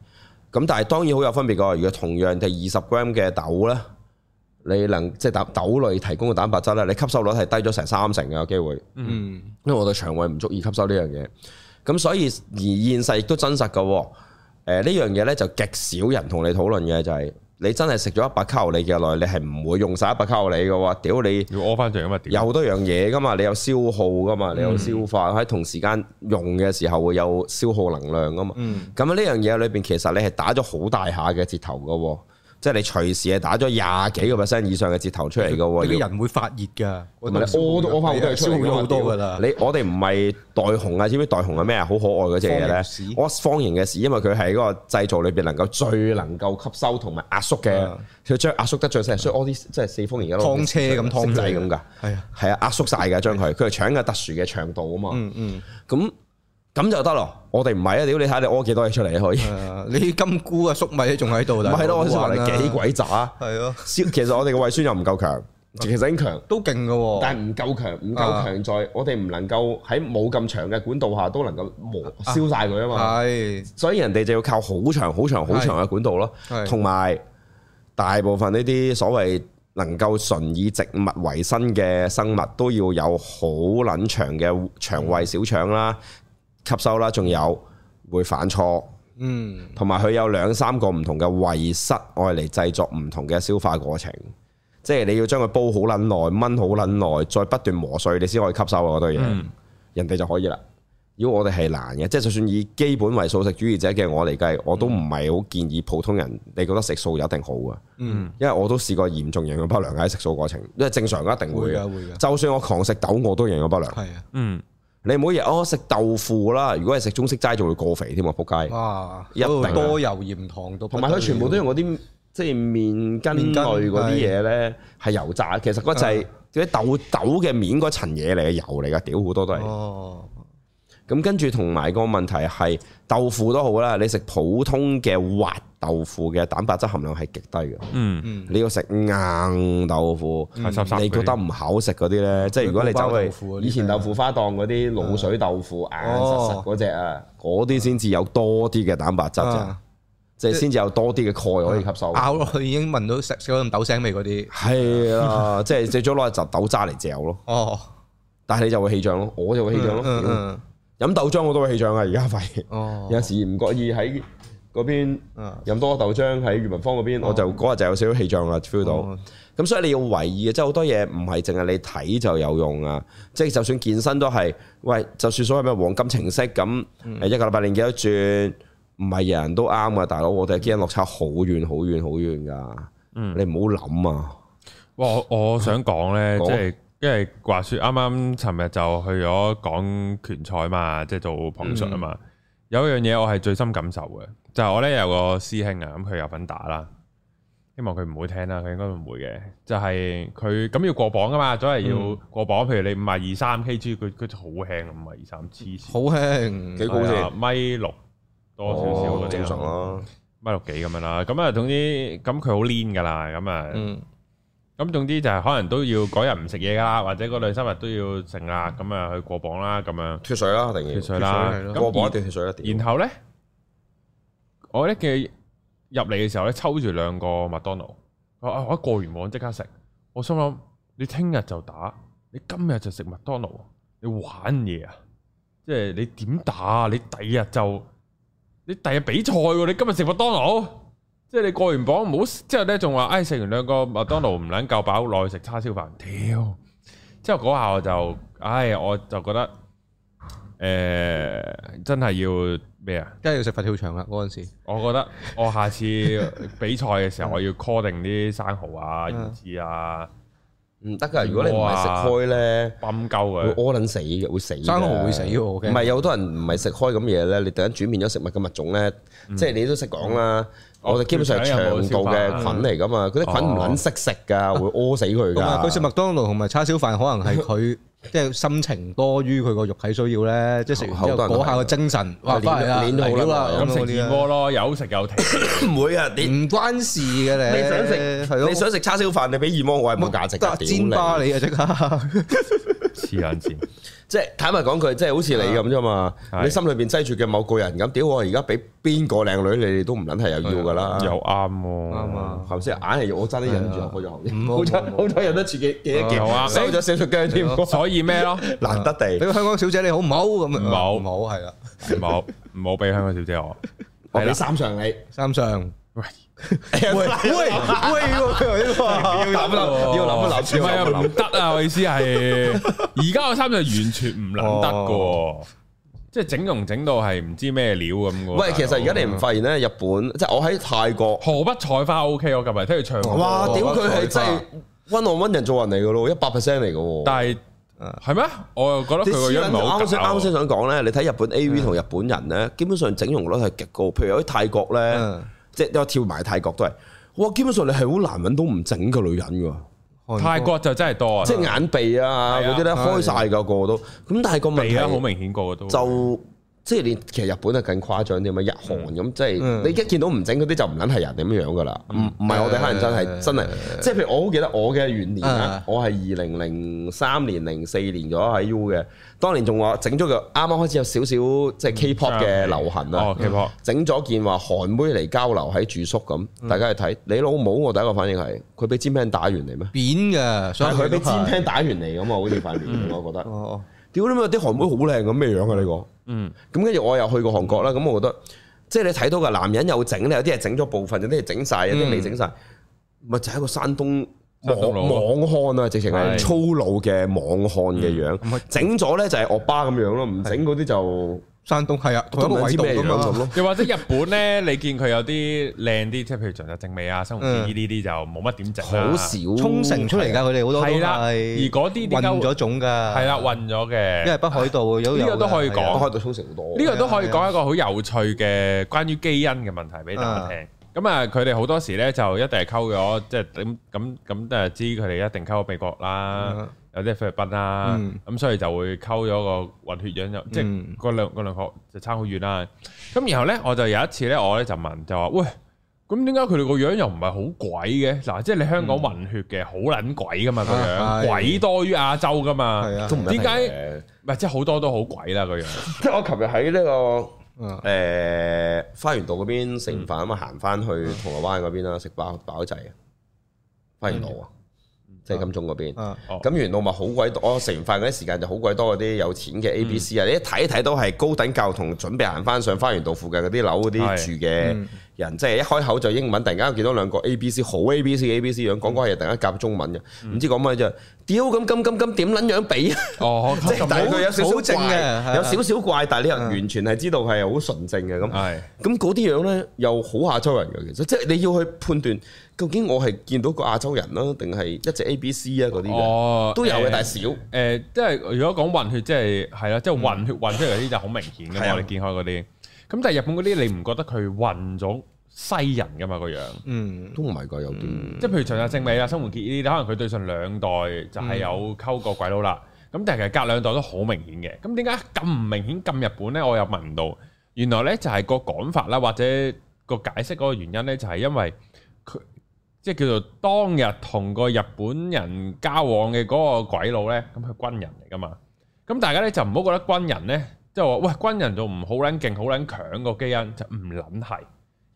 咁但係當然好有分別㗎。如果同樣係二十 gram 嘅豆呢。你能即係豆豆類提供嘅蛋白質咧，你吸收率係低咗成三成嘅機會。嗯，因為我哋腸胃唔足以吸收呢樣嘢。咁所以而現實亦都真實嘅。誒、呃、呢樣嘢咧就極少人同你討論嘅，就係、是、你真係食咗一百卡路里嘅耐，你係唔會用晒一百卡路里嘅喎。屌你！要屙翻轉嘅嘛？有好多樣嘢噶嘛，你有消耗噶嘛，你有消化喺、嗯、同時間用嘅時候會有消耗能量噶嘛。嗯。咁呢樣嘢裏邊其實你係打咗好大下嘅折頭嘅喎。即係你隨時係打咗廿幾個 percent 以上嘅折頭出嚟嘅喎，啲人會發熱㗎。我我怕會消耗咗好多㗎啦。你我哋唔係袋熊啊，知唔知袋熊係咩啊？好可愛嗰隻嘢咧。方形嘅屎，因為佢係嗰個製造裏邊能夠最能夠吸收同埋壓縮嘅，佢將壓縮得最細，所以我啲即係四方形嘅湯車咁仔咁㗎。係啊，係啊，壓縮晒㗎，將佢佢係長嘅特殊嘅長度啊嘛。嗯，咁。咁就得咯。我哋唔係啊，屌你睇下你屙幾多嘢出嚟啊？可以，哎，你金菇啊，粟米仲喺度。咪係咯，玩啊，我話你幾鬼渣。係咯，消。其實我哋個胃酸又唔夠強， 其實已經強，都勁噶，哦。但係唔夠強，唔夠強在，我哋唔能夠喺冇咁長嘅管道下都能夠磨消晒佢啊嘛。係，啊，所以人哋就要靠好長、好長、好長嘅管道咯。同埋是的 大部分呢啲所謂能夠純以植物為生嘅生物，都要有好捻長嘅腸胃小腸啦。吸收啦，仲有會反錯，嗯，同埋佢有兩三個唔同嘅胃室，用嚟製作唔同嘅消化過程，即係你要將佢煲好撚耐，炆好撚耐，再不斷磨碎，你先可以吸收啊嗰堆嘢。嗯，人哋就可以啦。如果我哋係難嘅，即係就算以基本為素食主義者嘅我嚟計，我都唔係好建議普通人。你覺得食素一定好啊？嗯，因為我都試過嚴重營養不良喺食素過程，因為正常一定會嘅，會嘅。就算我狂食豆，我都營養不良。係啊的，嗯。你唔好日哦食豆腐啦，如果係食中式齋仲會過肥添喎，仆街！哇，一定多油鹽糖都，同埋佢全部都用嗰啲即係麵筋類嗰啲嘢咧，係油炸，其實嗰就係啲豆是豆嘅麵嗰層嘢嚟嘅，油嚟噶，屌好多都係。哦咁跟住同埋個問題係豆腐都好啦，你食普通嘅滑豆腐嘅蛋白質含量係極低嘅。嗯嗯，你要食硬豆腐，你覺得唔好食嗰啲咧，即係如果你就係以前豆腐花檔嗰啲滷水豆腐，硬實實嗰隻啊，嗰啲先至有多啲嘅蛋白質，即係先至有多啲嘅鈣可以吸收。咬落去已經聞到食食到咁豆腥味嗰啲，係啊，即係只咗攞一集豆渣嚟嚼咯。哦，但係你就會氣脹咯，我就會氣脹咯。嗯。飲豆漿我都會氣漲啊！而家反而有時唔覺意喺嗰邊飲多個豆漿喺裕民坊嗰邊，我就嗰日、嗯、就有少少氣漲啦，feel 到。咁、哦、所以你要懷疑嘅，即係好多嘢唔係淨係你睇就有用啊！即、就、係、是、就算健身都係，喂，就算所謂咩黃金程式咁，一個禮拜練幾多轉，唔係人人都啱噶，大佬我哋基因落差好遠好遠好遠噶，嗯、你唔好諗啊！我我想講呢。即係。因為話說啱啱尋日就去咗講拳賽嘛，即、就、係、是、做捧場啊嘛。嗯、有一樣嘢我係最深感受嘅，就係、是、我咧有個師兄啊，咁、嗯、佢有份打啦。希望佢唔會聽啦，佢應該唔會嘅。就係佢咁要過磅噶嘛，總係要過磅，嗯、譬如你五廿二三 Kg，佢佢就好輕，五廿二三黐線。好輕，幾高先？米六多少少、哦、正常咯、啊，米六幾咁樣啦。咁啊，總之咁佢好攣噶啦，咁啊。咁總之就係可能都要嗰日唔食嘢噶啦，或者嗰兩三日都要食啊，咁啊去過磅啦，咁樣脫水啦，一定要脫水啦。過磅要脫水啦。然後咧，我咧嘅入嚟嘅時候咧抽住兩個麥當勞，我我過完磅即刻食。我心諗你聽日就打，你今日就食麥當勞，你玩嘢啊？即係你點打？你第二日就你第二日比賽，你今日食麥當勞？即係你過完榜唔好，即哎、 之後咧仲話，哎食完兩個麥當勞唔撚夠飽，落去食叉燒飯，屌！之後嗰下我就，哎我就覺得，誒真係要咩啊？真係要食佛跳牆啦！嗰陣時，我覺得我下次比賽嘅時候， 我要 call 定啲生蠔啊、魚翅啊。嗯唔得噶，如果你唔係食開咧，崩鳩嘅，會屙撚死，會死。生蠔會死唔係、okay? 有好多人唔係食開咁嘢咧，你突然間轉變咗食物嘅物種咧，嗯、即係你都識講啦。嗯、我哋基本上係長度嘅菌嚟㗎嘛，嗰啲、哦、菌唔撚識食㗎，哦、會屙死佢。咁啊，佢食麥當勞同埋叉燒飯，可能係佢。即係心情多於佢個肉體需要咧，即係食完之後嗰下個精神，哇！黏到啦，黏到啦，咁食燕窩咯，有食有停，唔會啊，你唔關事嘅咧。你想食，你想食叉燒飯，你俾燕窩，我係冇價值。蝕眼蝕。即係坦白講句，即係好似你咁啫嘛。你心裏邊擠住嘅某個人咁，屌我而家俾邊個靚女，你哋都唔捻係又要噶啦。又啱啊嘛，係咪先？硬係我差啲忍住開咗，好彩好多人都自己幾多件，收咗少少驚添。所以咩咯？難得地俾香港小姐你好唔好咁啊？唔好唔好係啦，唔好唔好俾香港小姐我，我俾三上你三上。喂喂喂！要諗諗，要諗諗諗，唔得啊！我意思係，而家個三就完全唔諗得噶，即係整容整到係唔知咩料咁喂，其實而家你唔發現咧，日本即係我喺泰國，河不菜花 O K，我近日聽佢唱。哇！屌佢係真係温我温人做人嚟噶咯，一百 percent 嚟噶。但係係咩？我又覺得佢個樣好。啱先，啱先想講咧。你睇日本 A V 同日本人咧，基本上整容率係極高。譬如喺泰國咧。即係都跳埋泰國都係，哇！基本上你係好難揾到唔整嘅女人㗎。泰國就真係多啊，即係眼鼻啊嗰啲咧，開曬嘅對個個都。咁但係個問題好明顯，個個都。就即係你其實日本係更誇張啲咁，日韓咁，即係你一見到唔整嗰啲就唔撚係人咁樣樣噶啦，唔唔係我哋客人真係真係，是的 即係譬如我好記得我嘅元年啊，我係二零零三年、零四是的 年咗喺 U 嘅，當年仲話整咗個啱啱開始有少少即係 K-pop 嘅流行啦，整咗件話韓妹嚟交流喺住宿咁，大家去睇你老母，我第一個反應係佢俾尖兵打完嚟咩？扁嘅，所以佢俾尖兵打完嚟咁啊，我好似塊面，我覺得。嗯屌你咪啲韓妹好靚咁咩樣啊？呢個，嗯，咁跟住我又去過韓國啦，咁我覺得，即係你睇到嘅男人又整咧，有啲係整咗部分，有啲係整晒，有啲未整晒。咪、嗯、就係一個山東網山東網漢啊，直情係粗魯嘅網漢嘅樣，整咗咧就係惡巴咁樣咯，唔整嗰啲就。山東係啊，咁個位度咁啊，又或者日本咧，你見佢有啲靚啲，即係譬如長澤正美啊、生活健依啲啲就冇乜點整，好少沖繩出嚟㗎，佢哋好多都係啦。而嗰啲混咗種㗎？係啦，混咗嘅，因為北海道有呢、啊呢個都可以講，北海道沖繩好多呢個都可以講一個好有趣嘅關於基因嘅問題俾大家聽。咁啊，佢哋好多時咧就一定係溝咗，即係咁咁咁誒知佢哋一定溝美國啦。嗯有啲菲律賓啦，咁、嗯、所以就會溝咗個混血樣，又、嗯、即係嗰兩嗰、嗰兩個就差好遠啦。咁然後咧，我就有一次咧，我咧就問就話：喂，咁點解佢哋個樣又唔係好鬼嘅？嗱、啊，即係你香港混血嘅好撚鬼噶嘛個樣，啊、鬼多於亞洲噶嘛，啊，點、哎、解？唔即係好多都好鬼啦個樣。即係我琴日喺呢個誒、欸、花園道嗰邊食完飯啊嘛，行翻、嗯、去銅鑼灣嗰邊啦，食飽仔，滯。花園道啊、嗯！嗯即係金鐘嗰邊，咁、啊哦、原來咪好鬼多。我食完飯嗰啲時間就好鬼多嗰啲有錢嘅 ABC 啊、嗯！你一睇睇到係高等教同準備行翻上花園道附近嗰啲樓嗰啲住嘅。人即係一開口就英文，突然間見到兩個 A B C，好 A B C 嘅 A B C 樣，講講係突然間夾中文嘅，唔知講乜啫？屌咁金金金點撚樣俾哦，嗯、即係但係佢有少少，少正嘅，嗯嗯、有少少怪，但係呢人完全係知道係好純正嘅咁。咁嗰啲樣咧，又好亞洲人嘅其實，即係你要去判斷究竟我係見到個亞洲人啦，定係一隻 A B C 啊嗰啲嘅。哦、都有嘅，欸、但係少。誒、欸呃，即係如果講混血，即係係啦，即係混血混出嚟啲就好明顯嘅嘛 對對，你見開嗰啲。咁就日本嗰啲，你唔覺得佢混咗西人噶嘛？個樣，嗯，都唔係個有啲，即係譬如長澤正美啊、新垣結衣依啲，可能佢對上兩代就係有溝過鬼佬啦。咁但係其實隔兩代都好明顯嘅。咁點解咁唔明顯咁日本咧？我又問唔到，原來咧就係個講法啦，或者個解釋嗰個原因咧，就係因為佢即係叫做當日同個日本人交往嘅嗰個鬼佬咧，咁佢軍人嚟噶嘛。咁大家咧就唔好覺得軍人咧。即係話，喂，軍人就唔好撚勁、好撚強個基因，就唔撚係，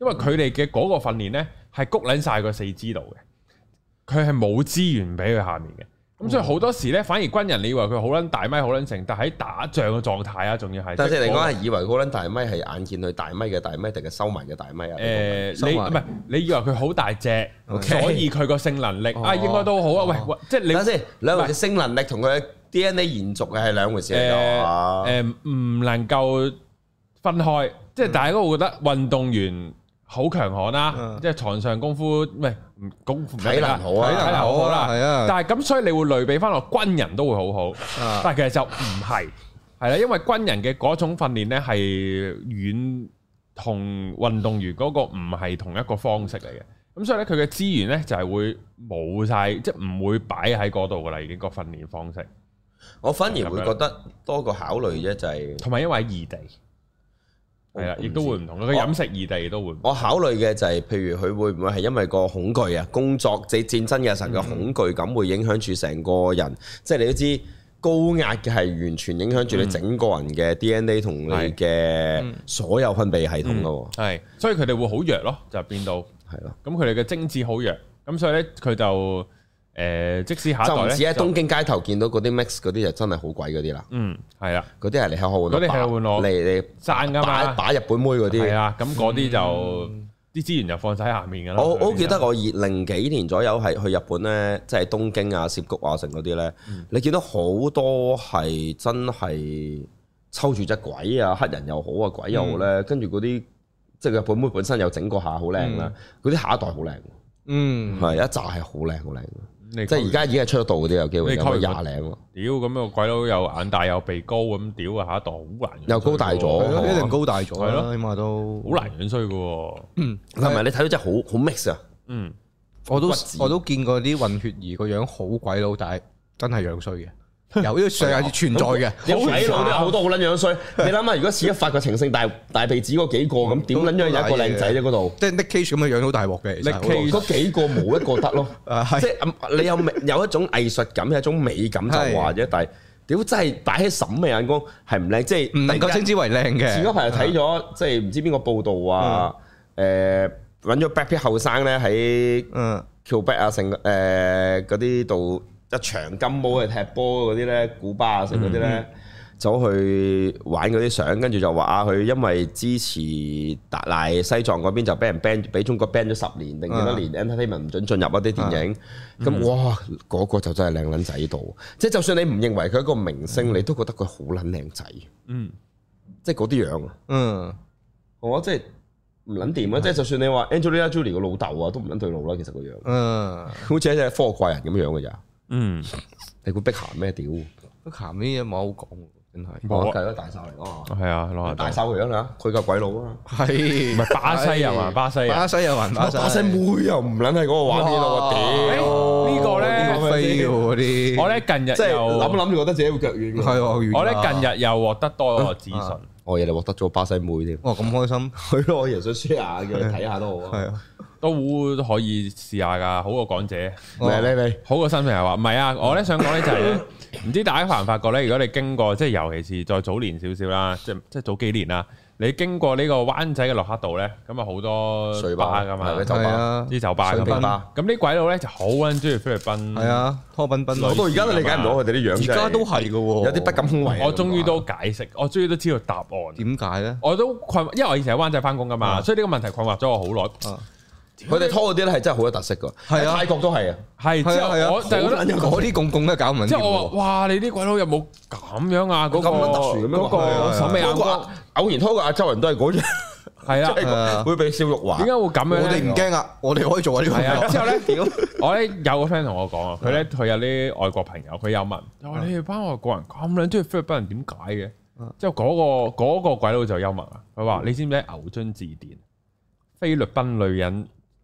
因為佢哋嘅嗰個訓練咧係谷撚晒個四肢度嘅，佢係冇資源俾佢下面嘅。咁所以好多時咧，反而軍人你以為佢好撚大咪、好撚盛，但喺打仗嘅狀態啊，仲要係。但係你講係以為好撚大咪係眼見佢大咪嘅大咪定係收埋嘅大咪啊？誒、呃，你唔係你以為佢好大隻，Okay. 所以佢個性能力啊、 哦哎、應該都好啊？哦、喂，即、就、係、是、你等下先，兩隻性能力同佢。DNA 延續嘅係兩回事嚟嘅話，誒唔能夠分開，即係大家都會覺得運動員好強悍啦，即係牀上功夫唔係唔功夫，體能好啊，體能好啦，係啊。但係咁，所以你會類比翻落軍人都會好好，但係其實就唔係係啦，因為軍人嘅嗰種訓練咧係遠同運動員嗰個唔係同一個方式嚟嘅，咁所以咧佢嘅資源咧就係會冇曬，即係唔會擺喺嗰度噶啦，已經個訓練方式。我反而會覺得多個考慮啫、就是，就係同埋因為異地係啦，亦都會唔同。佢飲、哦、食異地都會唔同。我考慮嘅就係、是，譬如佢會唔會係因為個恐懼啊，工作即係戰爭嘅時候嘅恐懼感，會影響住成個人。嗯、即係你都知，高壓嘅係完全影響住你整個人嘅 DNA 同你嘅所有分泌系統咯。係、嗯嗯，所以佢哋會好弱咯，就變到係咯。咁佢哋嘅精子好弱，咁所以咧佢就。誒，即使下就唔似喺東京街頭見到嗰啲 Max 嗰啲就真係好鬼嗰啲啦。嗯，係啊，嗰啲係嚟喺韓換落嚟嚟賺㗎嘛，打日本妹嗰啲係啊，咁嗰啲就啲資源就放晒喺下面㗎喇。我我記得我二零幾年左右係去日本咧，即係東京啊、涉谷啊、成嗰啲咧，你見到好多係真係抽住隻鬼啊、黑人又好啊、鬼又好咧，跟住嗰啲即係日本妹本身有整個下好靚啦，嗰啲下一代好靚。嗯，係一紮係好靚好靚。即係而家已經係出得到嗰啲有機會，廿零喎。屌咁個鬼佬又眼大又鼻高咁，屌啊下一代好難，又高大咗，了了一定高大咗啦，了起碼都好難樣衰嘅。嗯，同是你睇到真係好好 mix 啊。嗯，我都子我都見過啲混血兒個樣好鬼佬大，但真係樣衰嘅。有呢個世界存在嘅，有睇女好多好撚樣衰。你諗下，如果似一發個情聖大大鼻子嗰幾個咁，點捻樣有一個靚仔喺嗰度即係 Nick Cage 咁樣養到大鑊嘅，其實嗰幾個冇一個得咯。即係你有美有一種藝術感，有一種美感就話啫。但係屌真係擺喺審美眼光係唔靚，即係唔能夠稱之為靚嘅。前嗰排睇咗，即係唔知邊個報道啊？誒，搵咗 Black 皮後生咧喺嗯橋北啊，成誒嗰啲度。一場金毛去踢波嗰啲咧，古巴啊剩嗰啲咧，走、嗯、去玩嗰啲相，跟住就話啊，佢因為支持達賴西藏嗰邊就，就俾人 ban，俾中國 ban 咗十年定幾多年，entertainment 唔准進入啊啲電影。咁、嗯、哇，嗰、那個就真係靚靚仔到，即係就算你唔認為佢一個明星，你都覺得佢好撚靚仔。嗯，即係嗰啲樣。嗯，我即係唔撚掂啊！即、就、係、是、是就算你話 Angelina Jolie 個老豆啊，都唔撚對路啦。其實個樣，嗯，好似、嗯、一隻科學怪人咁樣嘅咋。嗯，你估碧咸咩屌？碧咸咩嘢冇好講，真係我佢係個大手嚟噶，係啊，大手嚟噶。佢個鬼佬啊，係，唔係巴西人還巴西人，巴西人還巴西妹又唔撚係嗰個玩嘢咯。我呢個咧？呢飛啲。我咧近日又諗諗住，覺得自己會腳軟。我，我咧近日又獲得多個資訊。我以為你獲得咗巴西妹添。哇，咁開心！佢咯，又想 share 叫你睇下都好啊。都可以試下㗎，好過港姐，嚟嚟好過新情係話，唔係啊！我咧想講咧就係，唔知大家有冇人發覺咧？如果你經過即係尤其是再早年少少啦，即即早幾年啦，你經過呢個灣仔嘅洛克道咧，咁啊好多水吧㗎嘛，啲酒吧、啲酒吧，咁啲鬼佬咧就好啱中意菲律賓，係啊，拖賓賓，到而家都理解唔到佢哋啲樣，而家都係嘅喎，有啲不敢我終於都解釋，我終於都知道答案點解咧？我都困，因為我以前喺灣仔翻工㗎嘛，所以呢個問題困惑咗我好耐。佢哋拖嗰啲咧，係真係好有特色噶，喺泰國都係啊，係，即係我就係覺得嗰啲公共咧搞唔明。即係我話，哇，你啲鬼佬有冇咁樣啊？嗰個嗰個審美啊，偶然拖個亞洲人都係嗰樣，係啊，會俾肖玉華。點解會咁樣咧？我哋唔驚啊，我哋可以做啊呢排啊。之後咧屌，我咧有個 friend 同我講啊，佢咧佢有啲外國朋友，佢有問，就話你哋班外國人咁樣中意菲律賓人點解嘅？嗯，之後嗰個嗰個鬼佬就幽默啊，佢話你知唔知牛津字典菲律賓女人？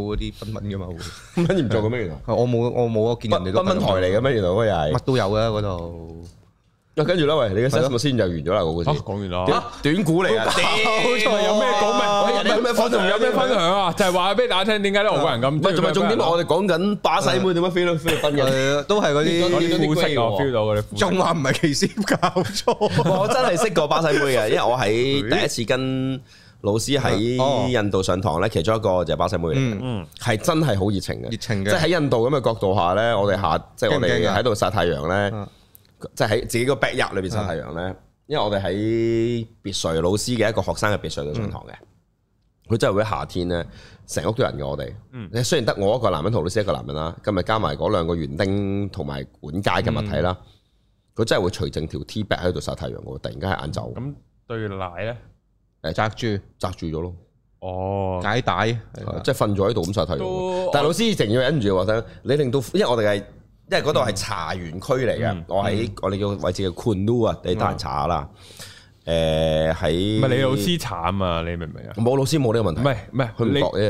嗰啲新聞嘅嘛會，咁樣你唔做過咩原啊？我冇我冇見人哋個新聞台嚟嘅咩？原來嗰個又係乜都有嘅。嗰度。啊跟住啦喂，你嘅新聞先就完咗啦我個，講完啦。短股嚟啊！好錯，有咩講啊？有咩分享啊？就係話俾大家聽，點解咧我個人咁？唔係重點，我哋講緊巴西妹點解飛到飛到印都係嗰啲，我哋都冇識啊，feel 到啲。仲話唔係歧視，搞錯。我真係識過巴西妹嘅，因為我喺第一次跟。老師喺印度上堂咧，其中一個就巴西妹嚟嘅，係、嗯嗯、真係好熱情嘅。熱情嘅，即係喺印度咁嘅角度下咧，我哋下即係我哋喺度曬太陽咧，即係喺自己個 back 日裏邊曬太陽咧。嗯、因為我哋喺別墅老師嘅一個學生嘅別墅度上堂嘅，佢、嗯、真係會夏天咧，成屋都有人嘅我哋。嗯，你雖然得我一個男人同老師一個男人啦，今日加埋嗰兩個園丁同埋管家嘅物體啦，佢、嗯、真係會除剩條 T 恤喺度曬太陽嘅，突然間係晏晝。咁、嗯、對奶咧？誒，扎住紮住咗咯。哦，解帶，吧即係瞓咗喺度咁晒睇，都吧但係老師成日要忍住話聲，你令到，因為我哋係，因為嗰度係茶園區嚟嘅，我喺我哋叫位置嘅 q u a n 啊，ru, 你得閒查下啦。嗯誒，喺咪你老師慘啊？你明唔明啊？冇老師冇呢個問題，唔係唔係，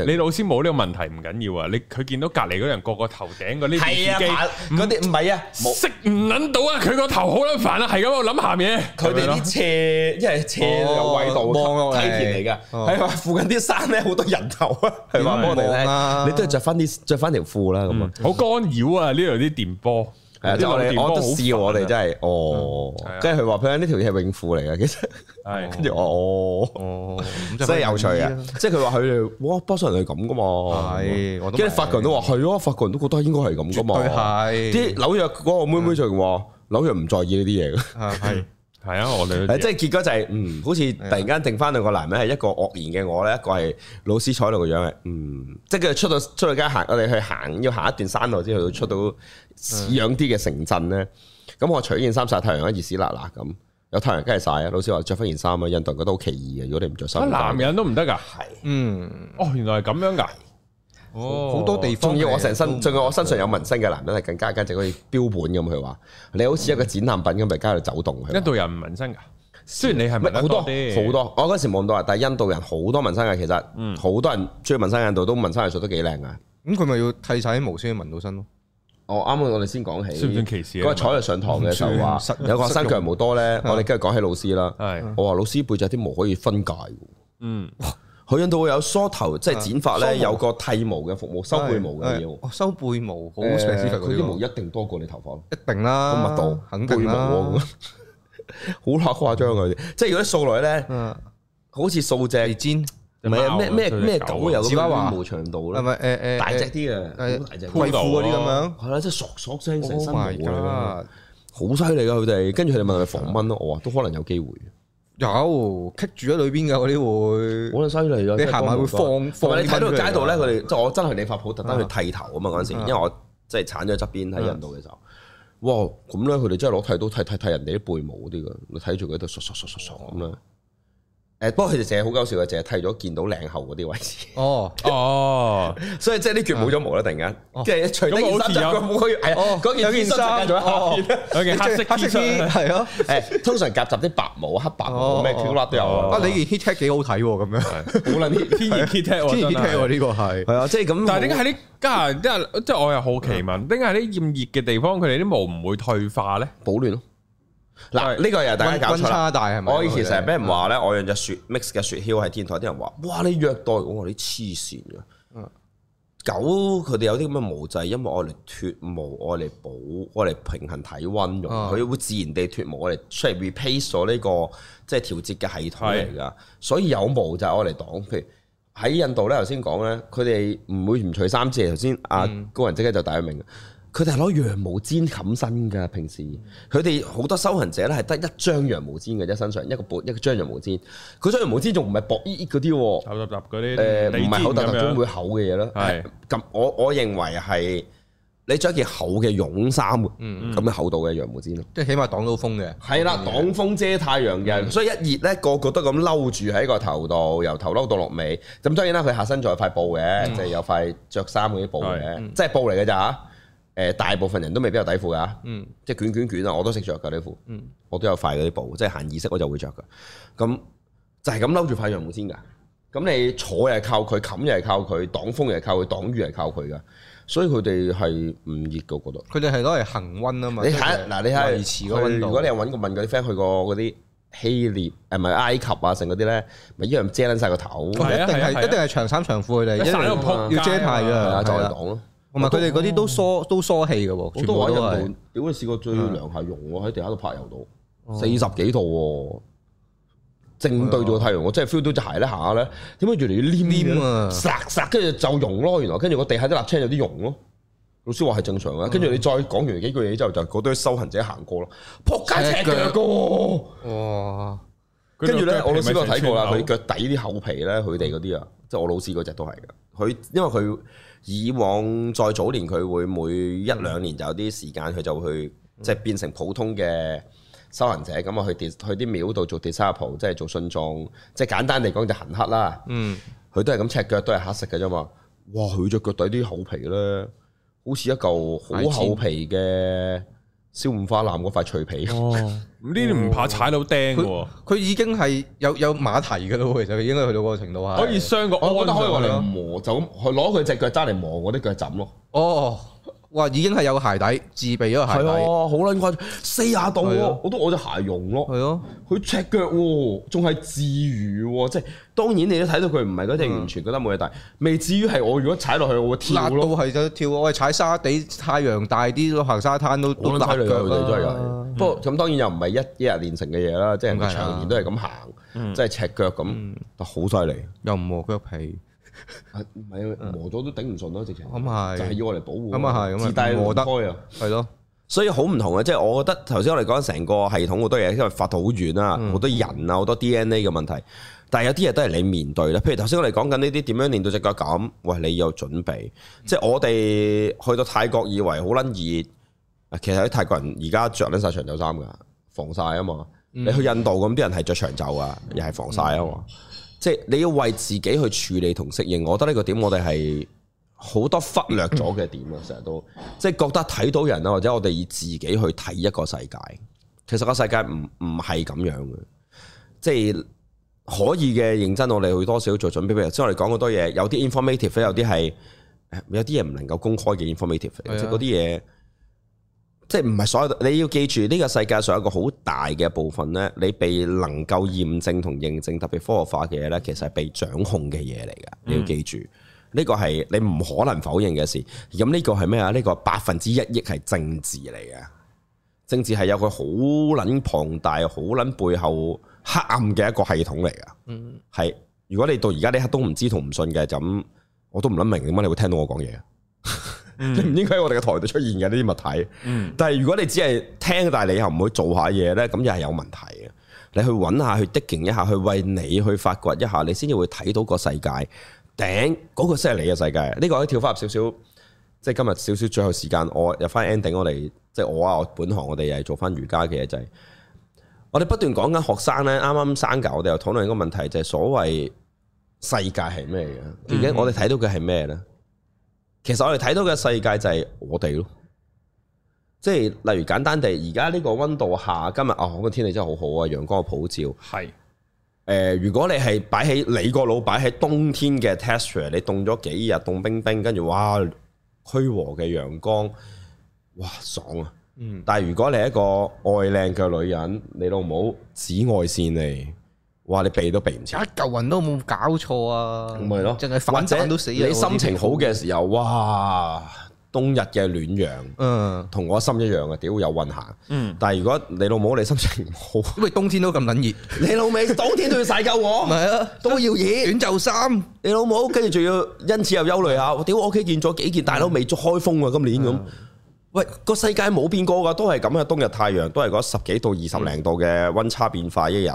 你你老師冇呢個問題唔緊要啊。你佢見到隔籬嗰人個個頭頂嗰啲係啊，嗰啲唔係啊，食唔撚到啊，佢個頭好撚煩啊，係咁我諗下面，佢哋啲斜，因為斜有位度，梯田嚟噶，係嘛？附近啲山咧好多人頭啊，係嘛？我哋咧，你都係着翻啲着翻條褲啦，咁啊，好干擾啊！呢度啲電波。誒，即係我我都笑我哋真係，哦，跟住佢話佢話呢條嘢係泳褲嚟嘅，其實係，跟住我，哦，真係有趣嘅，即係佢話佢哋，哇，波叔人係咁噶嘛，係，跟住法國人都話係咯，法國人都覺得應該係咁噶嘛，絕對係，即係紐約嗰個妹妹就話紐約唔在意呢啲嘢嘅，係。係啊，我哋，即係結果就係，嗯，好似突然間定翻兩個男人，係一個愕然嘅我咧，一個係老師坐喺度個樣嘅，嗯，即係佢出到出去街行，我哋去行要行一段山路之後，到出到似樣啲嘅城鎮咧，咁我除件衫曬太陽，熱屎辣辣咁，有太陽梗係曬啊，老師話着翻件衫啊，印度人覺得好奇異嘅，如果你唔着衫，男人都唔得噶，係的，嗯，哦，原來係咁樣噶。哦，好多地方，仲要我成身，仲要我身上有紋身嘅男人係更加，簡直可以標本咁。佢話你好似一個展覽品咁，咪加喺度走動。印度人唔紋身噶，雖然你係唔係好多好多。我嗰時冇咁多，但係印度人好多紋身噶。其實，好多人追紋身印度都紋身藝術都幾靚噶。咁佢咪要剃晒啲毛先可以紋到身咯？哦，啱啱我哋先講起，算唔算歧視？嗰日彩日上堂嘅時候話，有個新強毛多咧，我哋跟住講起老師啦。我話老師背脊啲毛可以分界。嗯。佢印度會有梳頭，即係剪髮咧，有個剃毛嘅服務，收背毛嘅嘢哦，收背毛，好長。佢啲毛一定多過你頭髮。一定啦，密度肯定啦。好誇誇張嘅，即係如果數來咧，好似數隻尖，唔係咩咩咩狗有尾巴毛長度咧？係咪？誒誒，大隻啲嘅，好大隻，貴婦嗰啲咁樣。係啦，即係索索聲成身毛好犀利㗎！佢哋，跟住佢哋問係咪防蚊咯？我話都可能有機會。有，棘住喺裏邊嘅嗰啲會好犀利咯。你行埋會放放你睇到街度咧，佢哋即係我真係理髮鋪特登去剃頭啊嘛嗰陣時，因為我即係鏟咗側邊喺印度嘅時候，哇！咁咧佢哋真係攞剃刀剃剃剃人哋啲背毛啲嘅，你睇住佢喺度索索索索索咁啦。誒，不過佢哋成日好搞笑嘅，成日剃咗見到領後嗰啲位置。哦哦，所以即係呢件冇咗毛啦，突然間，即係除咗新裝嗰件，係嗰件新裝仲有黑色啲，係咯。誒，通常夾雜啲白毛、黑白毛咩 colour 都有。啊，你件 kitak 幾好睇喎，咁樣。無論天熱 kitak，天熱 kitak 呢個係係啊，即係咁。但係點解喺啲家下人，即係我又好奇問，點解喺啲咁熱嘅地方，佢哋啲毛唔會退化咧？保暖咯。嗱，呢、這個又大家溫差大係咪？我以前成日俾人話咧，嗯、我養隻雪 mix 嘅雪橇喺天台，啲人話，哇，你虐待我！話你黐線嘅。嗯、狗佢哋有啲咁嘅毛就係因為我嚟脫毛，我嚟補，我嚟平衡體溫用。佢、嗯、會自然地脫毛，我嚟出嚟 replace 咗呢、這個即係、就是、調節嘅系統嚟㗎。嗯、所以有毛就係我嚟擋。譬如喺印度咧，頭先講咧，佢哋唔會唔除衫。頭先啊，高人即刻就大名。嗯佢哋係攞羊毛氈冚身噶，平時佢哋好多修行者咧係得一張羊毛氈嘅，啫。身上一個布，一個張羊毛氈。嗰張羊毛氈仲唔係薄咦咦啲？呃、厚搭搭嗰啲？唔係厚搭搭總會厚嘅嘢咯。咁是我我認為係你着一件厚嘅絨衫，咁嘅、嗯嗯、厚度嘅羊毛氈咯，即係起碼擋到風嘅。係啦，擋風遮太陽嘅，嗯、所以一熱咧個,個個都咁嬲住喺個頭度，由頭嬲到落尾。咁當然啦，佢下身仲有塊布嘅，即、就、係、是、有塊着衫嗰啲布嘅，即係、嗯嗯、布嚟嘅咋。啊。嗯誒大部分人都未必有底褲㗎，嗯，即係捲卷捲啊！我都識着膠底褲，嗯，我都有塊嗰啲布，即係行儀式我就會着噶。咁就係咁摟住塊羊毛先㗎。咁你坐又係靠佢，冚又係靠佢，擋風又係靠佢，擋雨係靠佢㗎。所以佢哋係唔熱嘅，嗰度。佢哋係攞嚟恆溫啊嘛。你睇看嗱，你睇佢如果你有揾個問嗰啲 friend 去過嗰啲希臘誒咪埃及啊，成嗰啲咧，咪一樣遮撚晒個頭，係啊，一定係一定係長衫長褲佢哋，要遮太㗎，係啊，講咯。就是同埋佢哋嗰啲都疏都疏氣嘅喎，我都喺日本屌，我試過最涼係用我喺地下度拍油到四十幾度，正對咗太陽，我真係 feel 到隻鞋咧下咧，點解越嚟越黏黏啊？霎霎跟住就溶咯，原來跟住個地下啲瀝青有啲溶咯。老師話係正常嘅，跟住你再講完幾句嘢，之後，就嗰堆修行者行過咯，仆街赤腳嘅，哇！跟住咧，我老師都睇過啦，佢腳底啲厚皮咧，佢哋嗰啲啊，即係我老師嗰隻都係嘅，佢因為佢。以往再早年佢會每一兩年就有啲時間，佢就去即係變成普通嘅修行者，咁啊、嗯、去去啲廟度做 disciple，即係做信眾，即係簡單嚟講就行乞啦。嗯，佢都係咁赤腳，都係黑色嘅啫嘛。哇！佢隻腳底啲厚皮咧，好似一嚿好厚皮嘅。燒五花腩嗰塊脆皮，呢啲唔怕踩到釘佢、啊哦、已經係有有馬蹄嘅咯，其實佢應該去到嗰個程度啊，可以傷過是，我覺得可以攞嚟磨，對吧 就咁去攞佢隻腳揸嚟磨嗰啲腳枕咯。哦。哇！已經係有個鞋底自備咗個鞋底，係啊，好撚怪，四十度、啊，啊、我都我隻鞋融咯，係咯、啊，佢赤腳喎、啊，仲係自如喎，即係當然你都睇到佢唔係嗰隻完全覺得冇嘢大，啊、未至於係我如果踩落去我會跳咯，係就跳，我係踩沙地，太陽大啲咯，行沙灘都都赤腳、啊，佢哋都係，不過咁當然又唔係一一日練成嘅嘢啦，即係長年都係咁行，即係赤腳咁，好犀利，又唔磨腳皮。唔係、啊、磨咗都頂唔順咯，直情咁係，就係要我嚟保護，咁啊係咁啊，磨開啊，係咯，所以好唔同嘅，即係我覺得頭先我哋講成個系統好多嘢，因為發到好遠啦，好、嗯、多人啊，好多 DNA 嘅問題，但係有啲嘢都係你面對啦，譬如頭先我哋講緊呢啲點樣練到隻腳咁，喂，你要有準備，即係、嗯、我哋去到泰國以為好捻熱，其實喺泰國人而家着捻晒長袖衫噶，防曬啊嘛，你去印度咁啲人係着長袖啊，又係防曬啊嘛。嗯嗯即係你要為自己去處理同適應，我覺得呢個點我哋係好多忽略咗嘅點啊！成日都即係覺得睇到人啦，或者我哋自己去睇一個世界，其實個世界唔唔係咁樣嘅。即係可以嘅認真，我哋去多少做準備，譬如即係我哋講好多嘢，有啲 informative，有啲係有啲嘢唔能夠公開嘅 informative，oh yeah. 即係嗰啲嘢。即係唔係所有？你要記住呢、這個世界上有一個好大嘅部分呢，你被能夠驗證同認證，特別科學化嘅嘢呢，其實係被掌控嘅嘢嚟噶。你要記住呢、嗯、個係你唔可能否認嘅事。咁呢個係咩啊？呢、這個百分之一億係政治嚟嘅，政治係有個好撚龐大、好撚背後黑暗嘅一個系統嚟噶。嗯，係如果你到而家呢刻都唔知同唔信嘅，咁我都唔諗明點解你會聽到我講嘢。 你唔應該喺我哋嘅台度出現嘅呢啲物體，但係如果你只係聽，但係你又唔會做下嘢咧，咁又係有問題嘅。你去揾下，去 digging 一下，去為你去發掘一下，你先至會睇到個世界頂嗰個先係你嘅世界。呢個可以跳翻入少少，即係今日少少最後時間，我入翻 ending，我哋即係我啊，我本行我哋又係做翻瑜伽嘅嘢，就係我哋不斷講緊學生咧，啱啱生噶，我哋又討論一個問題，就係所謂世界係咩嘅？究竟我哋睇到嘅係咩咧？其實我哋睇到嘅世界就係我哋咯，即係例如簡單地，而家呢個温度下，今日啊，我、哦、個天氣真係好好啊，陽光普照。係是，誒、呃，如果你係擺喺你個腦擺喺冬天嘅 texture，你凍咗幾日，凍冰冰，跟住哇，煦和嘅陽光，哇，爽啊！嗯，但係如果你係一個愛靚嘅女人，你老母紫外線嚟。話你避都避唔切，一嚿雲都冇搞錯啊！咪咯，淨係反震都死。你心情好嘅時候，哇，冬日嘅暖陽，嗯，同我心一樣啊！屌有運行，嗯。但係如果你老母你心情唔好，喂，冬天都咁冷熱，你老味冬天都要曬夠我，咪啊都要熱短袖衫。你老母跟住仲要因此又憂慮下，屌我屋企見咗幾件大佬未開封啊！今年咁，喂個世界冇變過噶，都係咁嘅冬日太陽，都係嗰十幾度、二十零度嘅溫差變化一日。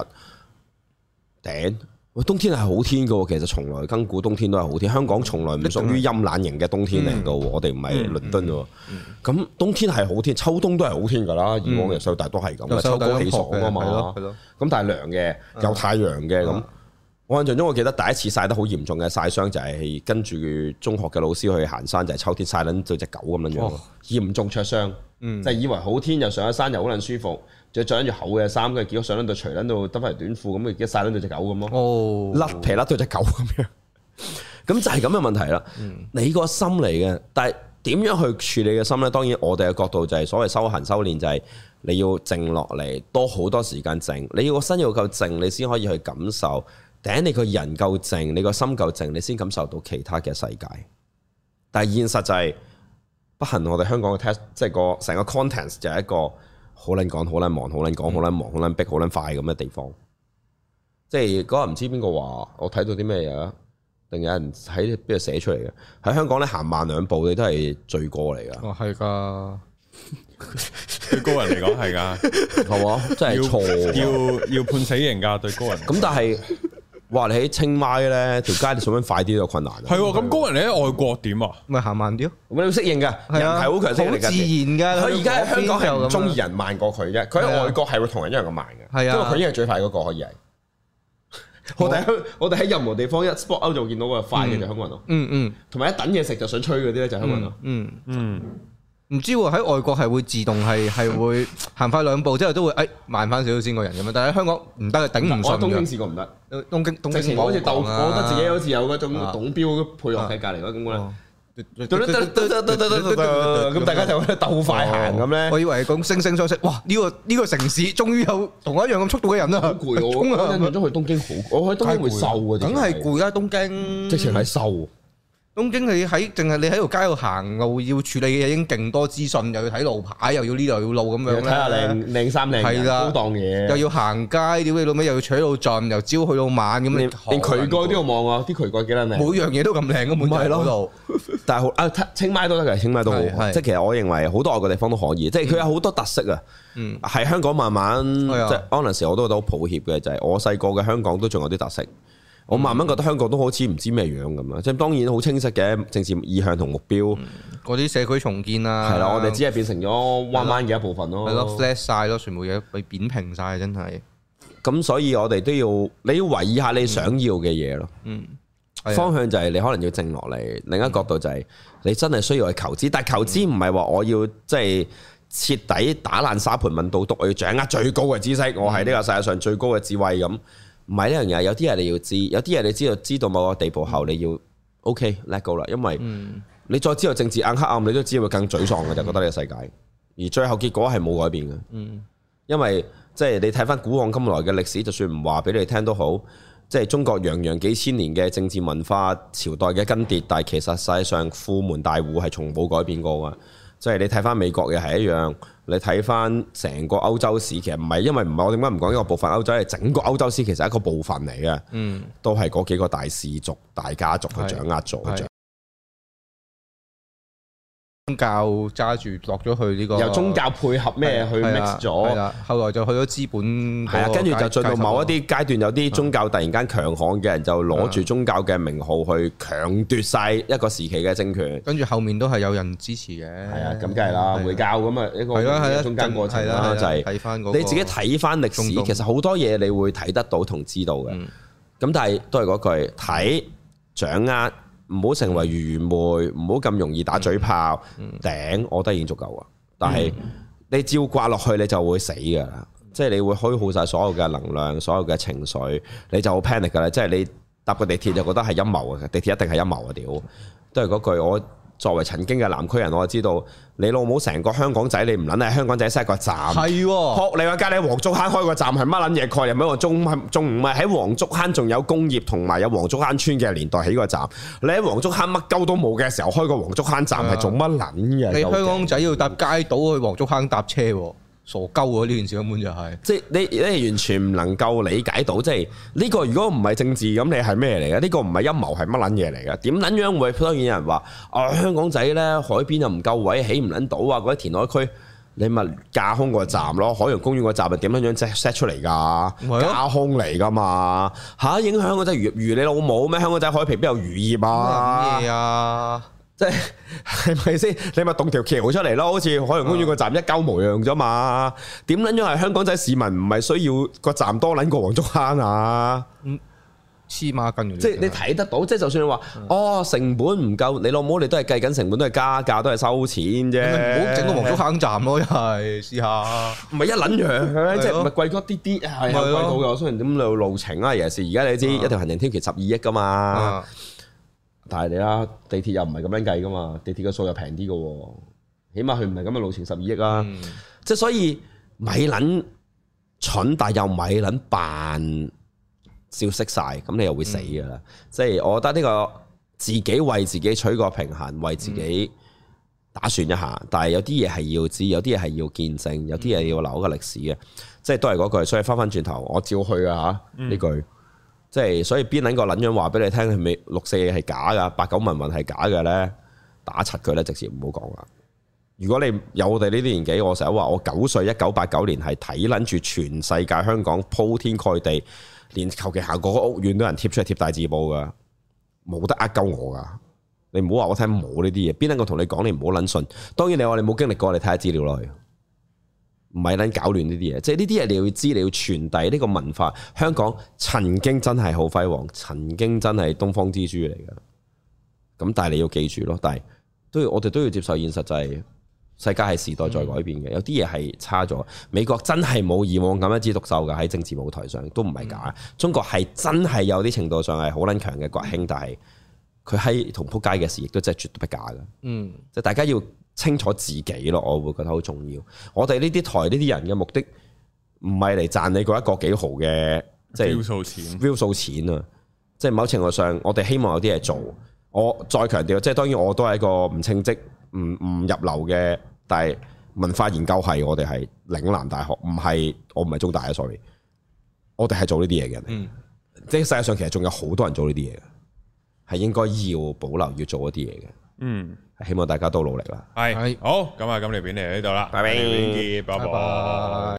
頂喂，冬天係好天嘅喎，其實從來根古冬天都係好天。香港從來唔屬於陰冷型嘅冬天嚟嘅，我哋唔係倫敦喎。咁冬天係好天，秋冬都係好天㗎啦。以往嘅時候大多係咁，秋高氣爽啊嘛。咁但係涼嘅，有太陽嘅咁。我印象中我記得第一次曬得好嚴重嘅曬傷就係跟住中學嘅老師去行山，就係秋天晒撚到隻狗咁樣。嚴重灼傷，就以為好天又上咗山又好撚舒服。着著撚住厚嘅衫嘅，結果上撚到除撚到，得翻短褲咁，佢家曬撚到隻狗咁咯，甩皮甩到隻狗咁樣。咁、oh. 就係咁嘅問題啦。Mm. 你個心嚟嘅，但係點樣去處理個心呢？當然我哋嘅角度就係所謂修行、修練，就係你要靜落嚟，多好多時間靜。你要個身要夠靜，你先可以去感受。頂你個人夠靜，你個心夠靜，你先感受到其他嘅世界。但係現實就係不行，我哋香港嘅 test 即係個成個 contents 就係一個。好捻講，好捻忙，好捻講，好捻忙，好捻逼，好捻快咁嘅地方。即係嗰日唔知邊個話，我睇到啲咩嘢啊？定有人喺邊度寫出嚟嘅？喺香港咧行慢兩步，你都係罪過嚟噶。哦，係噶，對高人嚟講係噶，係嘛？ 真係錯，要要判死刑噶，對高人。咁 但係。哇！你喺清邁咧條街，你想揾快啲都困難。係喎、 啊，咁高人你喺外國點啊？咪行慢啲咯。咁你要適應嘅，啊、人係好強適應。自然㗎。佢而家香港係唔中意人慢過佢嘅，佢喺外國係會同人一樣咁慢嘅。係啊。因為佢一家最快嗰個可以係。我哋喺我哋喺任何地方一 sport out 就見到嗰個快嘅就香港人咯、嗯。嗯嗯。同埋一等嘢食就想吹嗰啲咧就香港人咯、嗯。嗯嗯。唔知喺外國係會自動係係會行快兩步，之後都會誒慢翻少少先，個人咁樣，但係喺香港唔得，頂唔順嘅。我東京試過唔得，東京直情好似鬥，我覺得自己好似有嗰種董標配樂喺隔籬咁嘅。咁大家就鬥快行咁咧。我以為講惺惺相惜，哇！呢個呢個城市終於有同一樣咁速度嘅人啦。好攰我，我諗去東京好，我去東京會瘦嘅，梗係攰啦東京，直情係瘦。東京你喺淨係你喺條街度行路，要處理嘅嘢已經勁多資訊，又要睇路牌，又要呢度要路咁樣睇下靚靚衫靚，係啦，高檔嘢，又要行街，屌你老味，又要取到盡，由朝去到晚咁。你連渠蓋都要望啊，啲渠蓋幾撚靚？每樣嘢都咁靚嘅。唔係咯，但係好啊，清邁都得嘅，清邁都好。即係其實我認為好多外國地方都可以，即係佢有好多特色啊。嗯，係香港慢慢即係，on t 我都覺得好抱歉嘅就係，我細個嘅香港都仲有啲特色。我慢慢覺得香港都好似唔知咩樣咁樣，即係當然好清晰嘅政治意向同目標，嗰啲、嗯、社區重建啊，係啦，我哋只係變成咗 o n 嘅一部分咯、啊，係咯，flat 晒咯，全部嘢被扁平晒，真係。咁所以我哋都要，你要維護下你想要嘅嘢咯。嗯，方向就係你可能要靜落嚟。另一角度就係你真係需要去求知，嗯、但係求知唔係話我要即係、就是、徹底打爛沙盤問到篤，我要掌握最高嘅知識，我係呢個世界上最高嘅智慧咁。嗯嗯。唔係呢樣嘢，有啲嘢你要知，有啲嘢你知道知道某個地步後，你要 OK let go 啦。因為你再知道政治暗、黑暗，你都知會更沮喪。我就覺得呢個世界，而最後結果係冇改變嘅。因為即係你睇翻古往今來嘅歷史，就算唔話俾你聽都好，即係中國洋洋幾千年嘅政治文化朝代嘅更迭，但係其實世界上富門大戶係從冇改變過噶。即係你睇翻美國嘅係一樣。你睇返成個歐洲史，其實唔係，因為唔係我點解唔講呢個部分歐洲，係整個歐洲史其實一個部分嚟嘅，嗯、都係嗰幾個大氏族、大家族去掌握住宗教揸住落咗去呢個，由宗教配合咩去 mix 咗，後來就去咗資本，係啊，跟住就進到某一啲階段，有啲宗教突然間強悍嘅人就攞住宗教嘅名號去強奪晒一個時期嘅政權，跟住後面都係有人支持嘅，係啊，咁梗係啦，回教咁啊一個係啦係啦，中間過程啦，就係睇翻嗰，你自己睇翻歷史，其實好多嘢你會睇得到同知道嘅，咁但係都係嗰句，睇掌握。唔好成為愚昧，唔好咁容易打嘴炮、嗯、頂，我都已經足夠啊！但係你照掛落去，你就會死㗎喇，嗯、即係你會虛耗晒所有嘅能量、所有嘅情緒，你就好 panic 㗎啦！即係你搭個地鐵就覺得係陰謀啊，地鐵一定係陰謀啊！屌、嗯，都係嗰句我。作為曾經嘅南區人，我知道你老母成個香港仔，你唔撚係香港仔 set 個站，係喎、哦。撲你個街，你喺黃竹坑開個站係乜撚嘢概念？有冇？中午中午仲唔係喺黃竹坑仲有工業同埋有黃竹坑村嘅年代起個站。你喺黃竹坑乜鳩都冇嘅時候開個黃竹坑站係做乜撚嘅？你、啊、香港仔要搭街島去黃竹坑搭車。傻鳩啊，呢件事根本就係、是，即係你你完全唔能夠理解到，即係呢個如果唔係政治咁，你係咩嚟啊？呢、這個唔係陰謀係乜撚嘢嚟噶？點撚樣會？當然有人話啊、哦，香港仔咧海邊又唔夠位，起唔撚到啊！嗰啲填海區，你咪架空個站咯，海洋公園個站係點樣樣 set 出嚟噶？架、啊、空嚟噶嘛？嚇、啊、影響嗰啲漁如你老母咩？香港仔海皮邊有漁業麼麼啊？即係係咪先？你咪動條橋出嚟咯，好似海洋公園個站一鳩模樣啫嘛？點捻因為香港仔市民唔係需要個站多捻個黃竹坑啊？嗯，黐孖筋。即係你睇得到，即係就算你話哦，成本唔夠，你老母你都係計緊成本，都係加價，都係收錢啫。唔好整個黃竹坑站咯，又係試下。唔係一捻樣，即係唔係貴咗啲啲，係貴到嘅。雖然咁路路程啊，而家你知一條行人天橋十二億噶嘛。但係你啦，地鐵又唔係咁樣計噶嘛，地鐵嘅數又平啲嘅喎，起碼佢唔係咁嘅路程十二億啦、啊，嗯、即係所以米撚蠢但又米撚扮消失晒，咁你又會死嘅啦。嗯、即係我覺得呢、呢個自己為自己取個平衡，為自己打算一下，但係有啲嘢係要知，有啲嘢係要見證，有啲嘢要留一個歷史嘅，即係都係嗰句。所以翻翻轉頭，我照去嘅嚇呢句。即係，所以邊撚個撚樣話俾你聽係咪六四係假噶，八九文文係假嘅咧？打柒佢咧，直接唔好講啦。如果你有我哋呢啲年紀，我成日話我九歲一九八九年係睇撚住全世界香港鋪天蓋地，連求其下個屋苑都有人貼出嚟貼大字報噶，冇得呃鳩我噶。你唔好話我聽冇呢啲嘢，邊撚個同你講你唔好撚信。當然你話你冇經歷過，你睇下資料落去。唔係撚搞亂呢啲嘢，即係呢啲嘢你要知，你要傳遞呢個文化。香港曾經真係好輝煌，曾經真係東方之珠嚟㗎。咁但係你要記住咯，但係都要我哋都要接受現實、就是，就係世界係時代在改變嘅，嗯、有啲嘢係差咗。美國真係冇以往咁一枝獨秀嘅喺政治舞台上，都唔係假。中國係真係有啲程度上係好撚強嘅崛起，但係佢喺同撲街嘅事亦都真係絕對不，不假嘅。嗯，就大家要。清楚自己咯，我會覺得好重要。我哋呢啲台呢啲人嘅目的唔係嚟賺你嗰一個幾毫嘅、就是，即係標數錢、標數錢啊！即係某程度上，我哋希望有啲嘢做。我再強調，即係當然我都係一個唔稱職、唔唔入流嘅，但係文化研究係我哋係嶺南大學，唔係我唔係中大啊！Sorry，我哋係做呢啲嘢嘅，嗯、即係世界上其實仲有好多人做呢啲嘢嘅，係應該要保留要做一啲嘢嘅。嗯。希望大家都努力啦。是。係是，係，好，咁啊，今期片嚟到呢度啦，拜拜，拜拜。